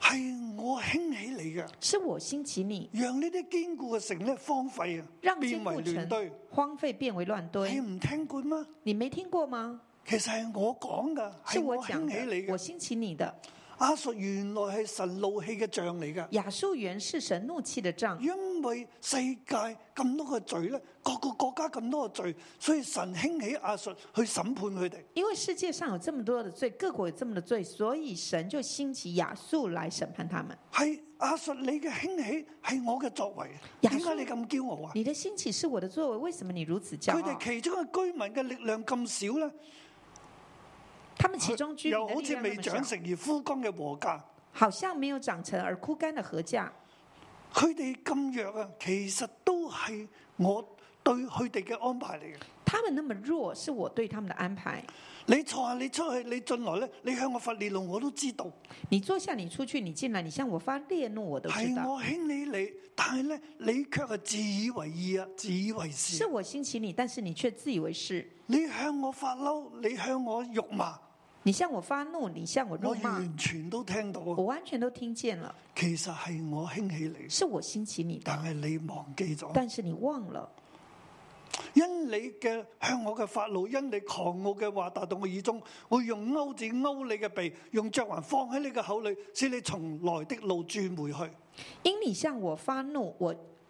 係我興起你嘅，是我興起你，讓呢啲堅固嘅城咧荒廢啊，讓堅固城荒廢變為亂堆、堆。你唔聽過嗎？你未聽過嗎？其實係我講嘅，係我興起你嘅，我興起你的。亞述原來係神怒氣嘅杖嚟嘅，亞述原是神怒氣的杖，因為世界咁多嘅罪咧，各個國家咁多嘅罪，所以神興起亞述去審判佢哋。因為世界上有這麼多嘅罪，各國有這麼多罪，所以神就興起亞述來審判他們。係亞，亞述，你嘅興起係我嘅作為，點解你咁驕傲啊？你的興起是我的作為，為什麼你如此驕傲？佢哋其中嘅居民嘅力量咁少咧？他們其中居民又好似未長成而枯乾嘅禾稼，好像沒有長成而枯乾嘅禾稼。佢哋咁弱啊，其實都係我對佢哋嘅安排嚟嘅。他們那麼弱，是我對他們嘅安排。你坐下，你出去，你進來咧，你向我發烈怒，我都知道。你坐下，你出去，你進來，你向我發烈怒，我都知道。係我興起你你，但係咧，你卻係自以為義啊，自以為是。是我興起你，但是你卻自以為是。你向我發嬲，你向我辱罵。你向我發怒，你向我怒罵，我完全都聽到，我完全都聽見了。其實係我興起你，是我興起你，但係你忘記咗，但是你忘了，因你嘅向我嘅發怒，因你狂傲嘅話達到我耳中，會用勾子勾你嘅鼻，用嚼環放喺你嘅口裏，使你從來的路轉回去。因你向我發怒，我。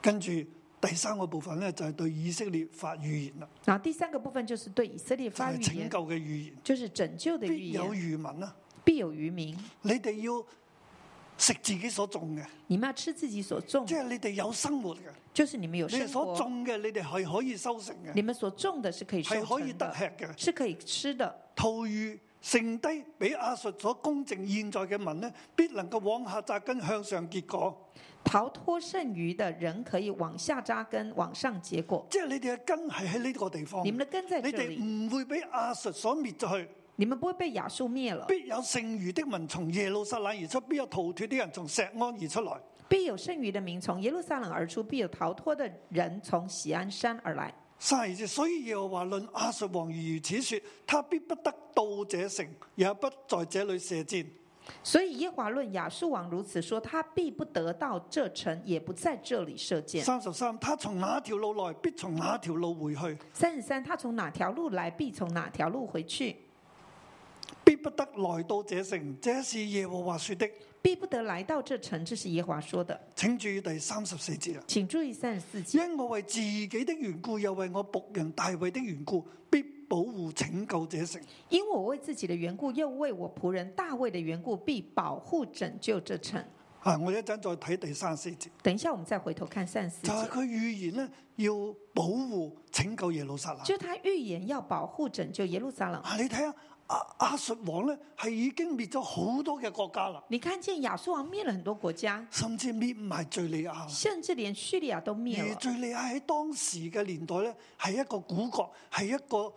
跟住第三個部分咧，就係對以色列發預言啦。啊，第三個部分就是對以色列發預言。就係拯救嘅預言。就是拯救的預言。有餘民啦。必有餘民、啊。你哋要食自己所種嘅。你們要吃自己所種。即係你哋有生活嘅。就是你們有生活。就是、你哋所種嘅，你哋係可以收成嘅。你們所種嘅，是可以係可以得吃嘅，是可以吃的。兔剩低俾亞述所公正現在嘅民呢，必能夠往下扎根，向上結果。逃脫剩餘嘅人可以往下扎根，往上結果。即係你哋嘅根係喺呢個地方。你哋唔會俾亞述所滅咗去。你們不會被亞述滅了。必有剩餘的民從耶路撒冷而出，必有逃脫的人從錫安而出來。必有剩餘的民從耶路撒冷而出，必有逃脫的人從錫安山而來。三所以耶和華論亞述王如此說：他必不得到這城，也不在這裏射箭。所以耶和華論亞述王如此說：他必不得到這城，也不在這裏射箭。三十三，他從哪條路來，必從哪條路回去。三十三，他從哪條路來，必從哪條路回去。必不得來到這城，這是耶和華說的。必不得來到這城，這是耶華說的。請注意第三十四節啊！請注意三十四節。因我為自己的緣故，又為我僕人大衛的緣故，必保護拯救這城。因我為自己的緣故，又為我僕人大衛的緣故，必保護拯救這城。啊！我一陣再睇第三十四節。等一下，我們再回頭看三十四節。就係佢預言呢，要保護拯救耶路撒冷。就他預言要保護拯救耶路撒冷。啊！你睇下啊。啊、阿述王咧係已經滅咗好多嘅國家啦。你看見亞述王滅了很多國家，甚至滅埋敘利亞，甚至連敘利亞都滅。而敘利亞喺當時嘅年代咧，係一個古國，係一個誒。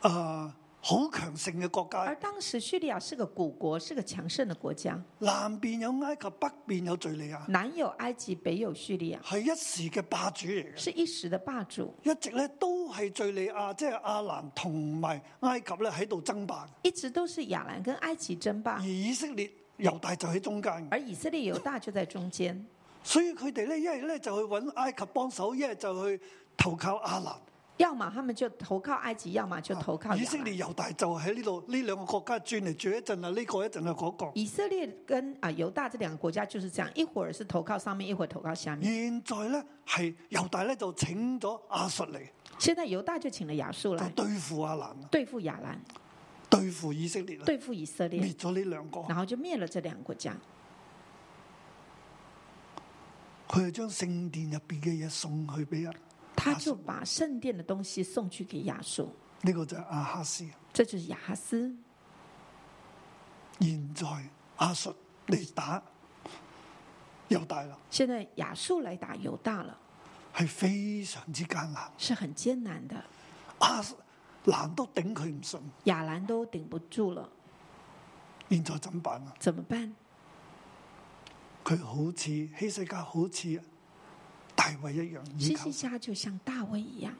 呃好強盛嘅國家，而當時敘利亞係個古國，係個強盛嘅國家。南邊有埃及，北邊有敍利亞。南有埃及，北有敍利亞，係一時嘅霸主嚟嘅，是一時的霸主。一直咧都係敍利亞，即係亞蘭同埋埃及咧喺度爭霸，一直都是亞蘭跟埃及爭霸。而以色列猶大就喺中間，而以色列猶大就在中間，所以佢哋咧一係咧就去搵埃及幫手，一係就去投靠亞蘭。要麼他們就投靠埃及，要麼就投靠以色列。猶大就喺呢度，呢兩個國家轉嚟轉一陣啊，呢、這個一陣啊，嗰、這個這個。以色列跟啊猶大這兩個國家就是這樣，一會兒是投靠上面，一會兒投靠下面。現在呢，係猶大呢，就請咗亞述嚟。現在猶大就請咗亞述啦。就對付亞蘭，對付亞蘭，對付以色列，對付以色列，滅咗呢兩個，然後就滅了這兩個國家。佢就將聖殿入邊嘅嘢，送去俾人。他就把聖殿的東西送去給亞述，呢、這個就係阿哈斯，這就是亞哈斯。現在亞述嚟打猶大啦，現在亞述嚟打猶大了，係非常之艱難，是很艱難的。亞蘭都頂佢唔順，亞蘭都頂不住了。現在怎麼辦啊？怎麼辦？佢好似希西家好似。大衛一樣，希西家就像大衛一樣，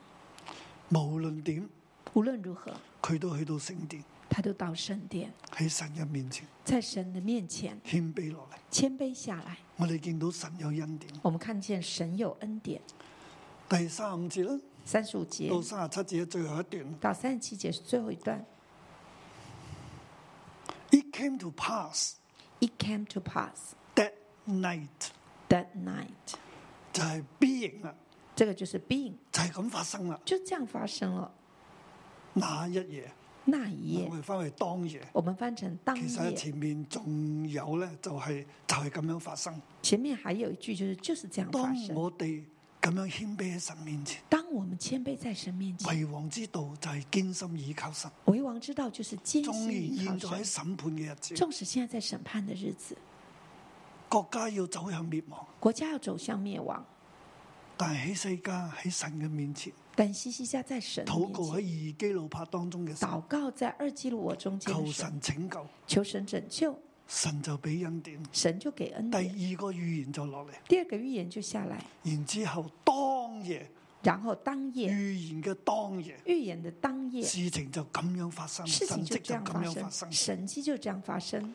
無論點，無論如何，佢都去到聖殿，他都到聖殿，喺神嘅面前，在神嘅面前謙卑落嚟，謙卑下來。我哋見到神有恩典，我們看見神有恩典。第三五節啦，三十五節到三十七節最後一段，到三十七節最後一段。It came to pass. It came to pass that night. That night. 就係 B 型啦，這個就是 B 型，就係咁發生啦，就這樣發生了。那一夜，那一夜，我哋翻去當夜，我們翻成當夜。其實前面仲有咧、就是，就係就係咁樣發生。前面還有一句，就是就是這樣發生。當我哋咁樣謙卑喺神面前，當我們謙卑在神面前，為王之道就係堅心以求神。為王之道就是堅心倚靠神。縱使現在喺審判嘅日子，縱使現在在審判的日子。國家要走向滅亡，國家要走向滅亡。但喺世界喺神嘅面前，但喺世界在神禱告喺二基路伯當中嘅禱告，在二基路我中神求神拯救，求神拯救，神就俾恩典，神就給恩典。第二個預言就落嚟，第二個預言就下嚟，然之後當夜，然後當夜預言嘅當夜，預言的當夜，事情就咁樣發生，事情就這樣發生，神蹟就這樣發生。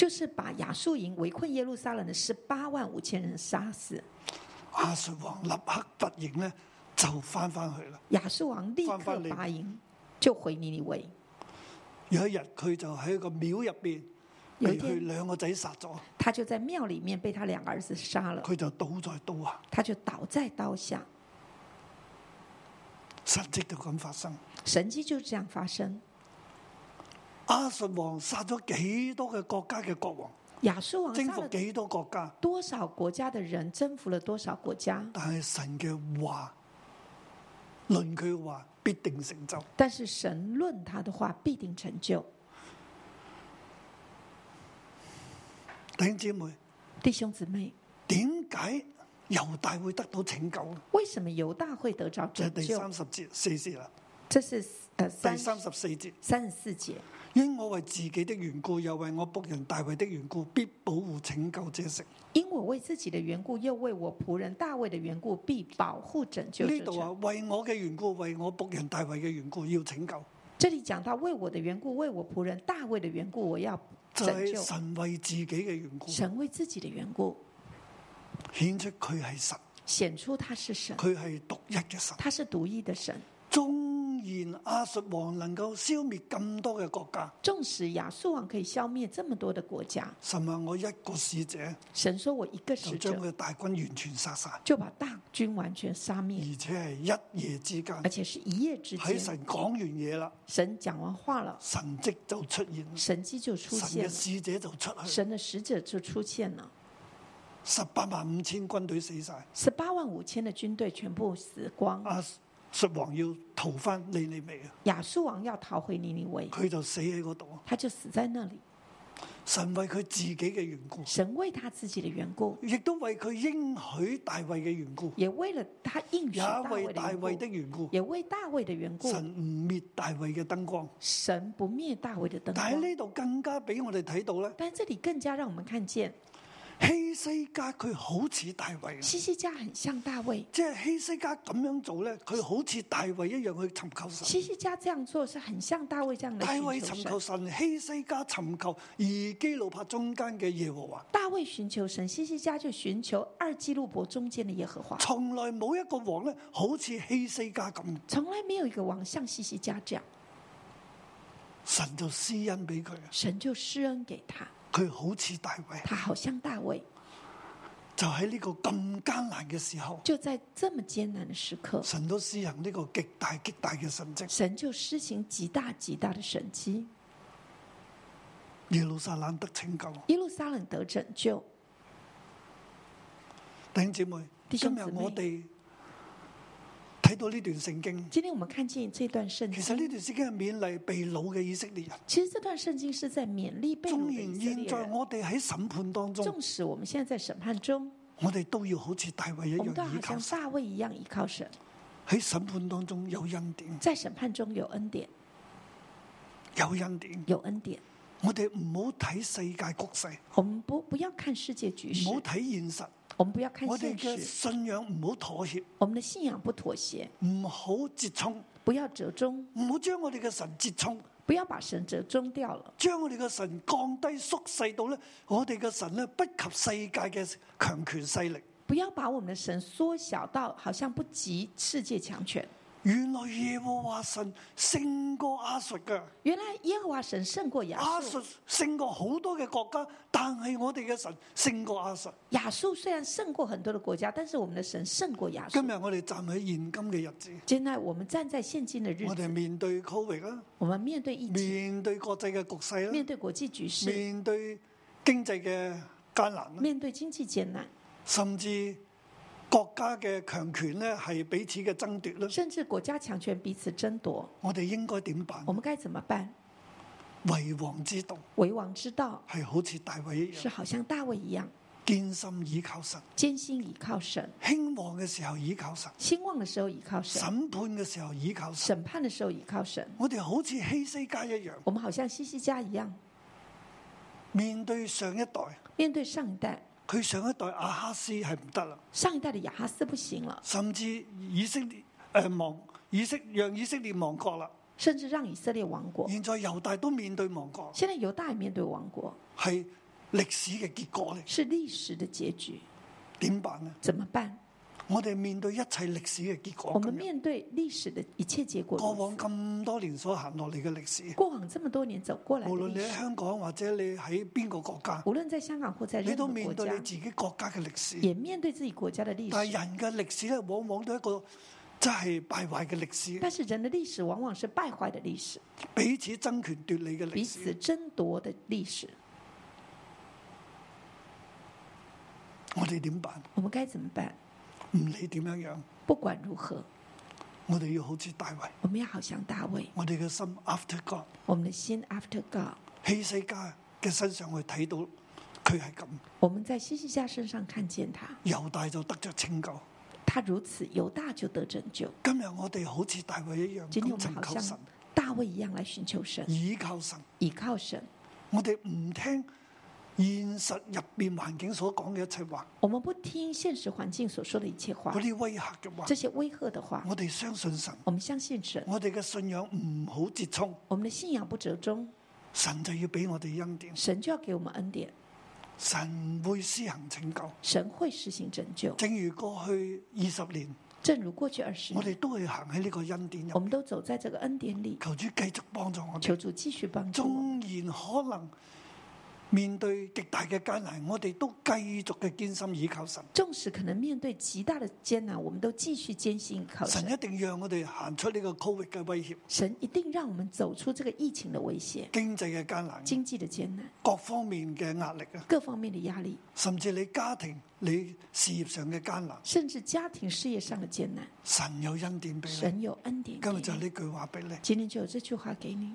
就是把亞述營圍困耶路撒冷的十八萬五千人殺死，亞述王立刻拔營呢，就翻翻去啦。亞述王立刻拔營，就回尼尼威。有一日，佢就喺個廟入邊，被佢兩個仔殺咗。他就在廟裏面被他兩個兒子殺了。佢就倒在刀下。他就倒在刀下。神蹟就咁發生。神蹟就這樣發生。亞述王殺咗幾多個國家嘅國王，征服幾多國家？多少國家嘅人征服了多少國家？但係神嘅話，論佢話必定成就。但是神論他嘅話必定成就。弟姐妹，弟兄姊妹，點解猶大會得到拯救？為什麼猶大會得到拯救？第三十節四節啦，這是第三三十四節，三十四節。因我為自己的緣故，又為我僕人大衛的緣故，必保護拯救這城。因我為自己的緣故，又為我僕人大衛的緣故，必保護拯救這城。呢度話為我嘅緣故，為我僕人大衛嘅緣故，要拯救。這裡講到為我的緣故，為我僕人大衛的緣故，我要拯救，就是，神為自己嘅緣故，神為自己的緣故顯出佢係神，顯出他是神，佢係獨一嘅神，他是獨一的神。縱然亞述王能夠消滅咁多嘅國家，縱使亞述王可以消滅這麼多嘅國家。神話我一個使者，神說我一個使者就將佢大軍完全殺晒，就把大軍完全殺滅，而且係一夜之間，而且是一夜之間，喺神講完嘢啦，神講完話啦，神蹟就出現，神蹟就出現，神嘅使者就出去，神嘅使者就出現了，十八萬五千軍隊死晒，十八萬五千嘅軍隊全部死光王要逃返尼尼微啊，亞述王要逃回尼尼微。佢就死喺嗰度啊，他就死在那裡。神為佢自己嘅緣故，神為他自己嘅緣故，亦都為佢應許大衛嘅緣故，也為了他應許大衛的緣故，也為大衛的緣故，故，故。神唔滅大衛嘅燈光，神不滅大衛嘅燈光。但喺呢度更加俾我哋睇到咧，但這裡更加讓我們看見。希西家佢好似大衛，啊，希西家很像大衛。即係希西家咁樣做咧，佢好似大衛一樣去尋求神。希西家這樣做是很像大衛這樣的。大衛尋求神，希西家尋求二基路伯中間嘅耶和華。大衛尋求神，希西家就尋求二基路伯中間嘅耶和華。從來冇一個王咧，好似希西家咁。從來沒有一個王像希西家這樣。神就施恩俾佢，神就施恩給他、啊。佢好似大衛，他好像大衛，就喺呢個咁艱難嘅時候，就在這麼艱難的時刻，神都施行呢個極大極大嘅神迹，神就施行極大極大的神蹟。耶路撒冷得拯救，耶路撒冷得拯救，弟兄姊妹，今日我哋。睇到呢段聖經，今天我們看見這段聖經。其實呢段聖經係勉勵被擄嘅以色列人。其實這段聖經是在勉勵被擄嘅以色列人。縱然現在我哋喺審判當中，縱使我們現在在審判中，我哋都要好似大衛一樣依靠。我們都像大衛一樣依靠神。喺審判當中有恩典，在審判中有恩典，有恩典，有恩典。我哋唔好睇世界局勢，我們不不要看世界局勢，唔好睇現實。我們不要看現實。我們的信仰唔好妥協。我們的信仰不妥協。唔好折中。不要折中。唔好將我哋嘅神折中。不要把神折中掉了。將我哋嘅神降低縮細到咧，我哋嘅神咧不及世界嘅強權勢力。不要把我們嘅神縮小到好像不及世界強權。原來耶和華神勝過亞述嘅。原來耶和華神勝過亞述。亞述勝過好多嘅國家，但係我哋嘅神勝過亞述。亞述雖然勝過很多的國家，但是我們的神勝過亞述。今日我哋站喺現今嘅日子，今日我們站在現今嘅日子，我哋面對 covid 啦，我們面對疫情，面對國際嘅局勢啦，面對國際局勢，面對經濟嘅艱難，面對經濟艱難，甚至。國家嘅強權呢，係彼此嘅爭奪咧。甚至國家強權彼此爭奪，我哋應該點辦？我們該怎麼辦？為王之道，為王之道係好似大衛一樣，是好像大衛一樣，堅心依靠神，堅心倚靠神。興旺嘅時候倚靠神，興旺嘅時候倚靠神。審判嘅時候依靠神，審判嘅時候依靠神。我哋好似希西家一樣，我們好像希西家一樣，面對上一代，面對上一代。佢上一代阿哈斯係唔得啦，上一代嘅阿哈斯不行了，甚至以色列誒亡、呃，以色列讓以色列亡國啦，甚至讓以色列亡國。現在猶大都面對亡國，現在猶大面對亡國，係歷史嘅結果咧，是歷史嘅結局，點辦咧？怎麼辦？我哋面對一切歷史嘅結果。我們面對歷史的一切結果。過往咁多年所行落嚟嘅歷史。過往這麼多年走過來。無論你喺香港或者你喺邊個國家。無論在香港或者你都面對你自己國家嘅歷史。也面對自己國家嘅歷史。但係人嘅歷史咧，往往都係一個真係敗壞嘅歷史。但是人嘅歷、歷、歷史往往是敗壞嘅歷史。彼此爭權奪利嘅歷史。彼此爭奪嘅歷史。我哋點辦？我們該怎麼辦？唔理點樣樣，不管如何，我哋要好似大衛，我哋要好像大衛，我哋嘅心 after God，我哋嘅心 after God。希西家嘅身上，我睇到佢係咁。我們在希西家身上看見他，猶大就得咗拯救。他如此猶大就得拯救。今日我哋好似大衛一樣，今日像大衛一樣來尋求神，倚靠神，倚靠神。我哋唔聽。現實入邊環境所講嘅一切話，我們不聽現實環境所說的一切話。啲威嚇嘅話，這些威嚇的話，我哋相信神，我們相信神。我哋嘅信仰唔好折衷，我們的信仰不折衷。神就要俾我哋恩典，神就要給我們恩典。神會施行拯救，神會施行拯救。正如過去二十年，正如過去二十年，我哋都係行喺呢個恩典，我們都走在這個恩典裏。求主繼續幫助我，求主繼續幫助我。縱然可能。面對極大嘅艱難，我哋都繼續嘅堅心依靠神。縱使可能面對極大的艱難，我們都繼續堅信靠神，一定讓我哋行出呢個 covid 嘅威脅。神一定讓我們走出這個疫情的威脅。經濟嘅艱難，經濟的艱難，各方面嘅壓力啊，各方面的壓力，甚至你家庭、你事業上嘅艱難，甚至家庭事業上的艱難。神有恩典俾你，神有恩典。今日就係呢句話俾你，今天就有這句話給你。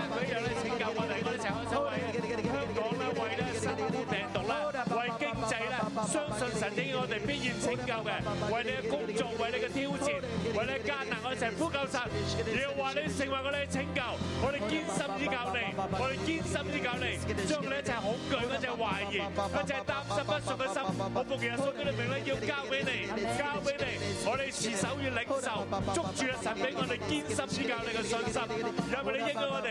相信神應我哋必然拯救嘅。為你嘅工作，為你嘅挑戰，為你嘅艱難，我哋一齊呼求神，你又話你成為我哋嘅拯救。我哋堅心倚靠你，我哋堅心倚靠你，將你一切恐懼，一切懷疑，一切擔心不順嘅心，我奉耶穌基督的名咧，要交俾你，交俾你。我哋持守要領受，捉住啊神俾我哋堅心倚靠你嘅信心。有冇人應咗我哋？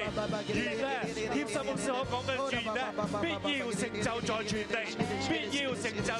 願啊，謙遜牧師所講嘅預言啊，必要成就在全地，必要成就。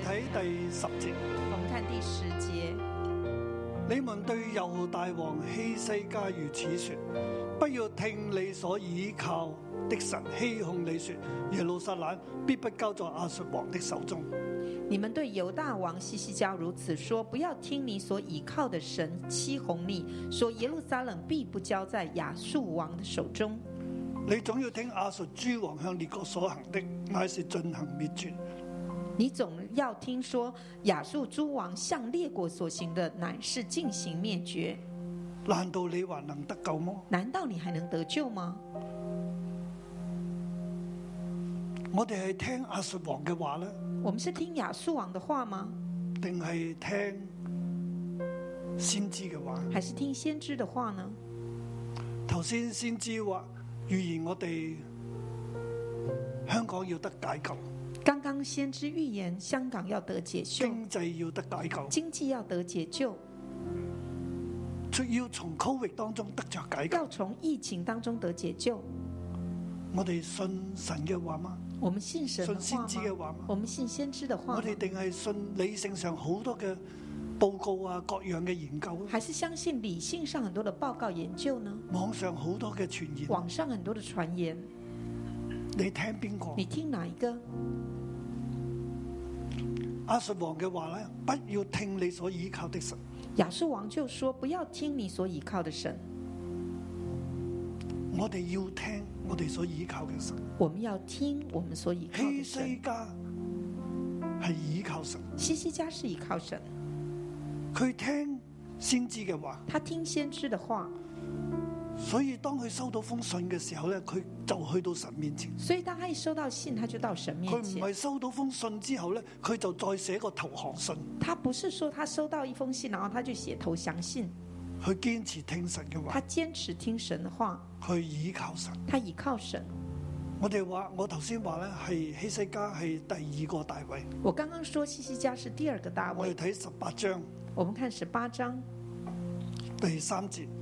睇第十節，我們看第十節。你們對猶大王希西家如此說：不要聽你所倚靠的神欺哄你說，耶路撒冷必不交在亞述王的手中。你們對猶大王希西家如此說：不要聽你所倚靠的神欺哄你說，耶路撒冷必不交在亞述王的手中。你總要聽亞述諸王向列國所行的，乃是進行滅絕。你總要聽說亞述諸王向列國所行的，乃是進行滅絕。難道你還能得救嗎？難道你還能得救嗎？我哋係聽亞述王嘅話呢？我們是聽亞述王嘅話嗎？定係聽先知嘅話？還是聽先知嘅話呢？頭先先知的話，先知預言我哋香港要得解救。剛剛先知預言香港要得解救，經濟要得解救，經濟要得解救，要從抗疫當中得着解救，要從疫情當中得解救。我哋信神嘅話嗎？我們信神的。信先知嘅話嗎？我們信先知的話。我哋定係信理性上好多嘅報告啊，各樣嘅研究啊？還是相信理性上很多的報告研究呢？網上好多嘅傳言啊？網上很多的傳言。你聽邊個？你聽哪一個？亞述王嘅話咧，不要聽你所依靠的神。亞述王就說：不要聽你所依靠的神。我哋要聽我哋所依靠嘅神。我們要聽我們所依靠嘅神。希西，西家係依靠神。希西家是依靠神。佢聽先知嘅話。他聽先知的話。所以當佢收到封信嘅時候咧，佢就去到神面前。所以，當他一收到信，他就到神面前。佢唔係收到封信之後咧，佢就再寫個投降信。他不是說他收到一封信，然後他就寫投降信。佢堅持聽神嘅話。他堅持聽神嘅話，去倚靠神。他倚靠神。我哋話我頭先話咧，係希西家係第二個大衛。我剛剛說希西家是第二個大衛。我哋睇十八章。我們看十八章第三節。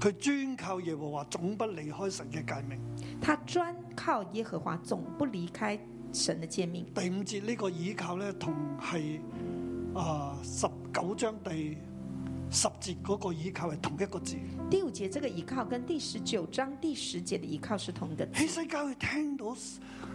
佢專靠耶和華，總不離開神嘅誡命。他專靠耶和華，總不離開神嘅誡命。第五節呢個倚靠咧，同係啊、呃、十九章第十節嗰個倚靠係同一個字。第五節這個倚靠跟第十九章第十節嘅倚靠是同的。希西家佢聽到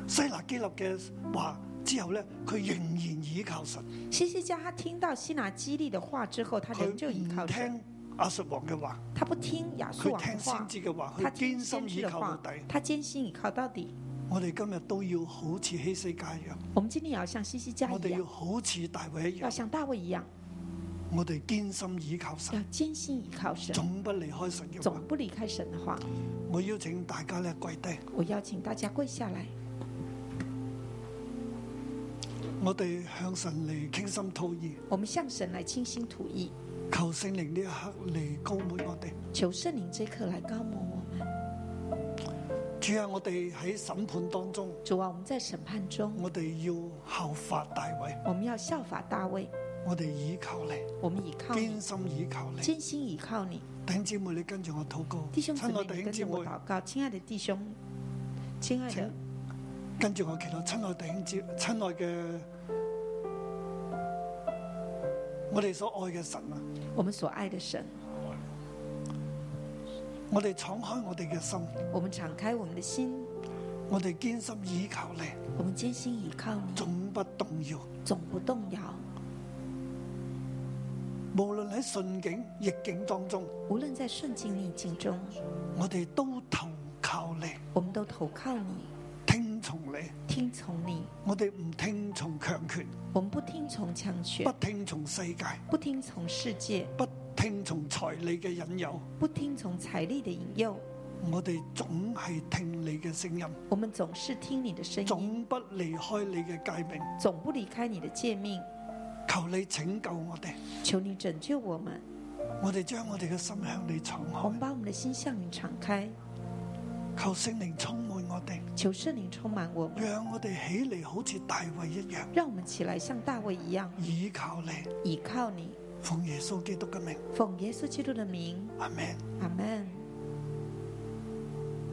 西拿基立嘅話之後咧，佢仍然倚靠神。希西家他聽到西拿基立嘅話之後，他仍舊倚靠神。阿述王嘅話，他不聽亞述王嘅話，佢聽先知嘅話，佢堅心依靠到底。他堅心依靠到底。我哋今日都要好似希西家一樣。我們今天也要,要像希西,西家一樣。我哋要好似大衛一樣。要像大衛一樣。我哋堅心依靠神。要堅心倚靠神。總不離開神嘅話。總不離開神嘅話。我邀請大家咧跪低。我邀請大家跪下來。我哋向神嚟傾心吐意。我們向神嚟傾心吐意。求聖靈呢一刻嚟膏抹我哋。求聖靈即刻嚟膏抹我。主啊，我哋喺審判當中。主啊，我們在審判中。我哋要效法大衛。我們要效法大衛。我哋倚靠你。我們倚靠你。堅心倚靠你。弟兄姐妹，你跟住我禱告。弟兄姊妹，跟住我禱告。親愛的弟兄姐妹，親愛的，跟住我祈禱。親愛弟兄姐妹，親愛嘅。我哋所愛嘅神啊！我們所愛嘅神。我哋敞開我哋嘅心。我哋敞開我哋嘅心。我哋堅心倚靠你。我們堅心倚靠你。總不動搖。總不動搖。無論喺順境逆境當中。無論在順境逆境中。我哋都投靠你。我們都投靠你。聽從你，我哋唔聽從強權。我們不聽從強權，不聽從世界，不聽從世界，不聽從財力嘅引誘，不聽從財力嘅引誘。我哋總係聽你嘅聲音，我們總是聽你的聲音，總不離開你嘅誡命，總不離開你的誡命。求你拯救我哋，求你拯救我們。我哋將我哋嘅心向你敞開，我們把我們的心向你敞開。求聖靈充。求聖靈充滿我，讓我哋起嚟好似大衛一樣。讓我們起來像大衛一樣，倚靠你，倚靠你。奉耶穌基督嘅名，奉耶穌基督嘅名。阿門，阿門。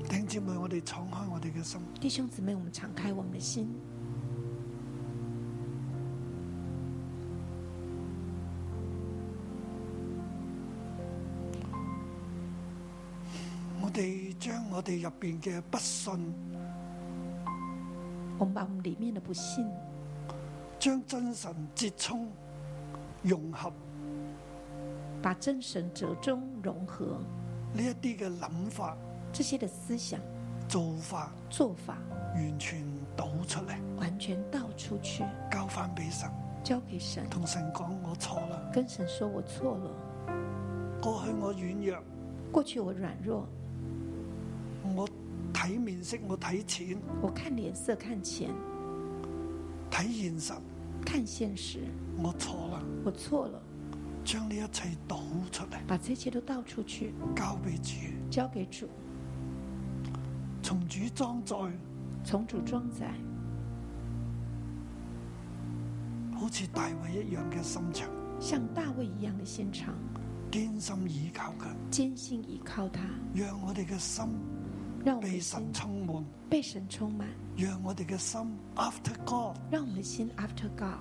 弟兄姊妹，我哋敞開我哋嘅心。弟兄姊妹，我們敞開我們的心。將我哋入邊嘅不信，我把我們裏面嘅不信，將真神接衷融合，把真神折中融合呢一啲嘅諗法，這些的思想做法做法，完全倒出嚟，完全倒出去，交翻俾神，交給神，同神講我錯啦，跟神說我錯了，過去我軟弱，過去我軟弱。我睇面色，我睇錢。我看臉色，看錢。睇現實。看現實。我錯喇。我錯了。將呢一切倒出嚟。把這一切都倒出去，交俾主。交給主。從主裝載。從主裝載。好似大衛一樣嘅心腸。像大衛一樣嘅心腸。堅心依靠佢。堅心依靠他。讓我哋嘅心。被被神充滿讓我哋嘅心 after God，讓我的心 after God，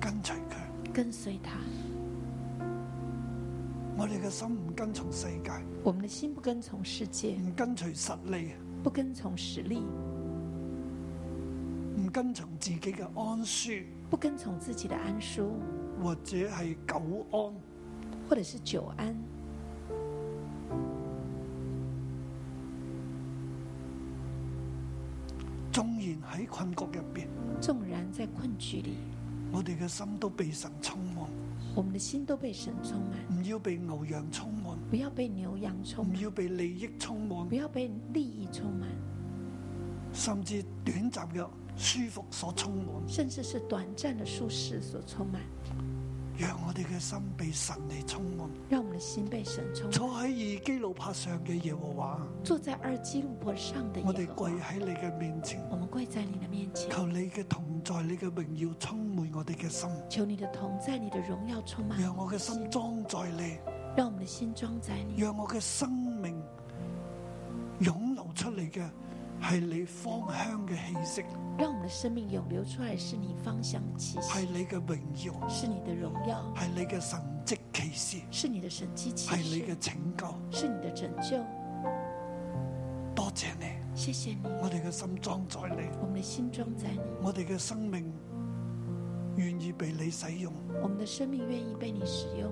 跟隨佢，跟隨他，我哋嘅心唔跟從世界，我哋的心不跟從世界，唔跟隨實力，不跟從實力，唔跟從自己嘅安舒，不跟從自己的安舒，或者係久安，或者是久安。喺困局入邊，縱然在困局裏，我哋嘅心都被神充滿。我們的心都被神充滿。唔要被牛羊充滿。不要被牛羊充滿。唔要被利益充滿。不要被利益充滿。甚至短暫嘅舒服所充滿。甚至是短暫的舒適所充滿。讓我哋嘅心被神嚟充滿。讓我們的心被神充滿。坐喺二基路柏上嘅耶和華。坐在二基路柏上的耶和華。我哋跪喺你嘅面前。我們跪在你的面前。求你嘅同在，你嘅榮耀充滿我哋嘅心。求你的同在，你的榮耀充滿我們的心。讓我嘅心裝在你。讓我們的心裝在你。讓我嘅生命湧流出嚟嘅。係你芳香嘅氣息，讓我們的生命湧流出來。是你芳香嘅氣息，係你嘅榮耀，是你的榮耀，係你嘅神蹟奇事，是你的神蹟奇事，係你嘅拯救，是你的拯救。多謝你，謝謝你，我哋嘅心裝載你，我們的心裝在你，我哋嘅生命願意被你使用，我們的生命願意被你使用。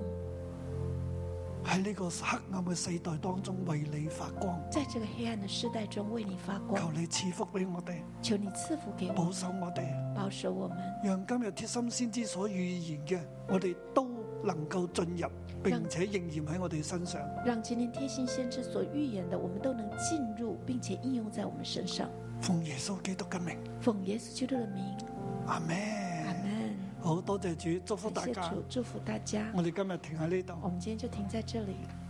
喺呢個黑暗嘅世代當中，為你發光。在這個黑暗的世代中，為你發光。求你賜福俾我哋。求你賜福給我們。保守我哋。保守我們。讓今日貼心先知所預言嘅，我哋都能夠進入，並且應驗喺我哋身上。讓今天貼心先知所預言的，我們都能進入，並且應用在我們身上。奉耶穌基督嘅名。奉耶穌基督嘅名。阿門。好多謝主，祝福大家。謝謝主，祝福大家。我哋今日停喺呢度，我們今天就停在這裏。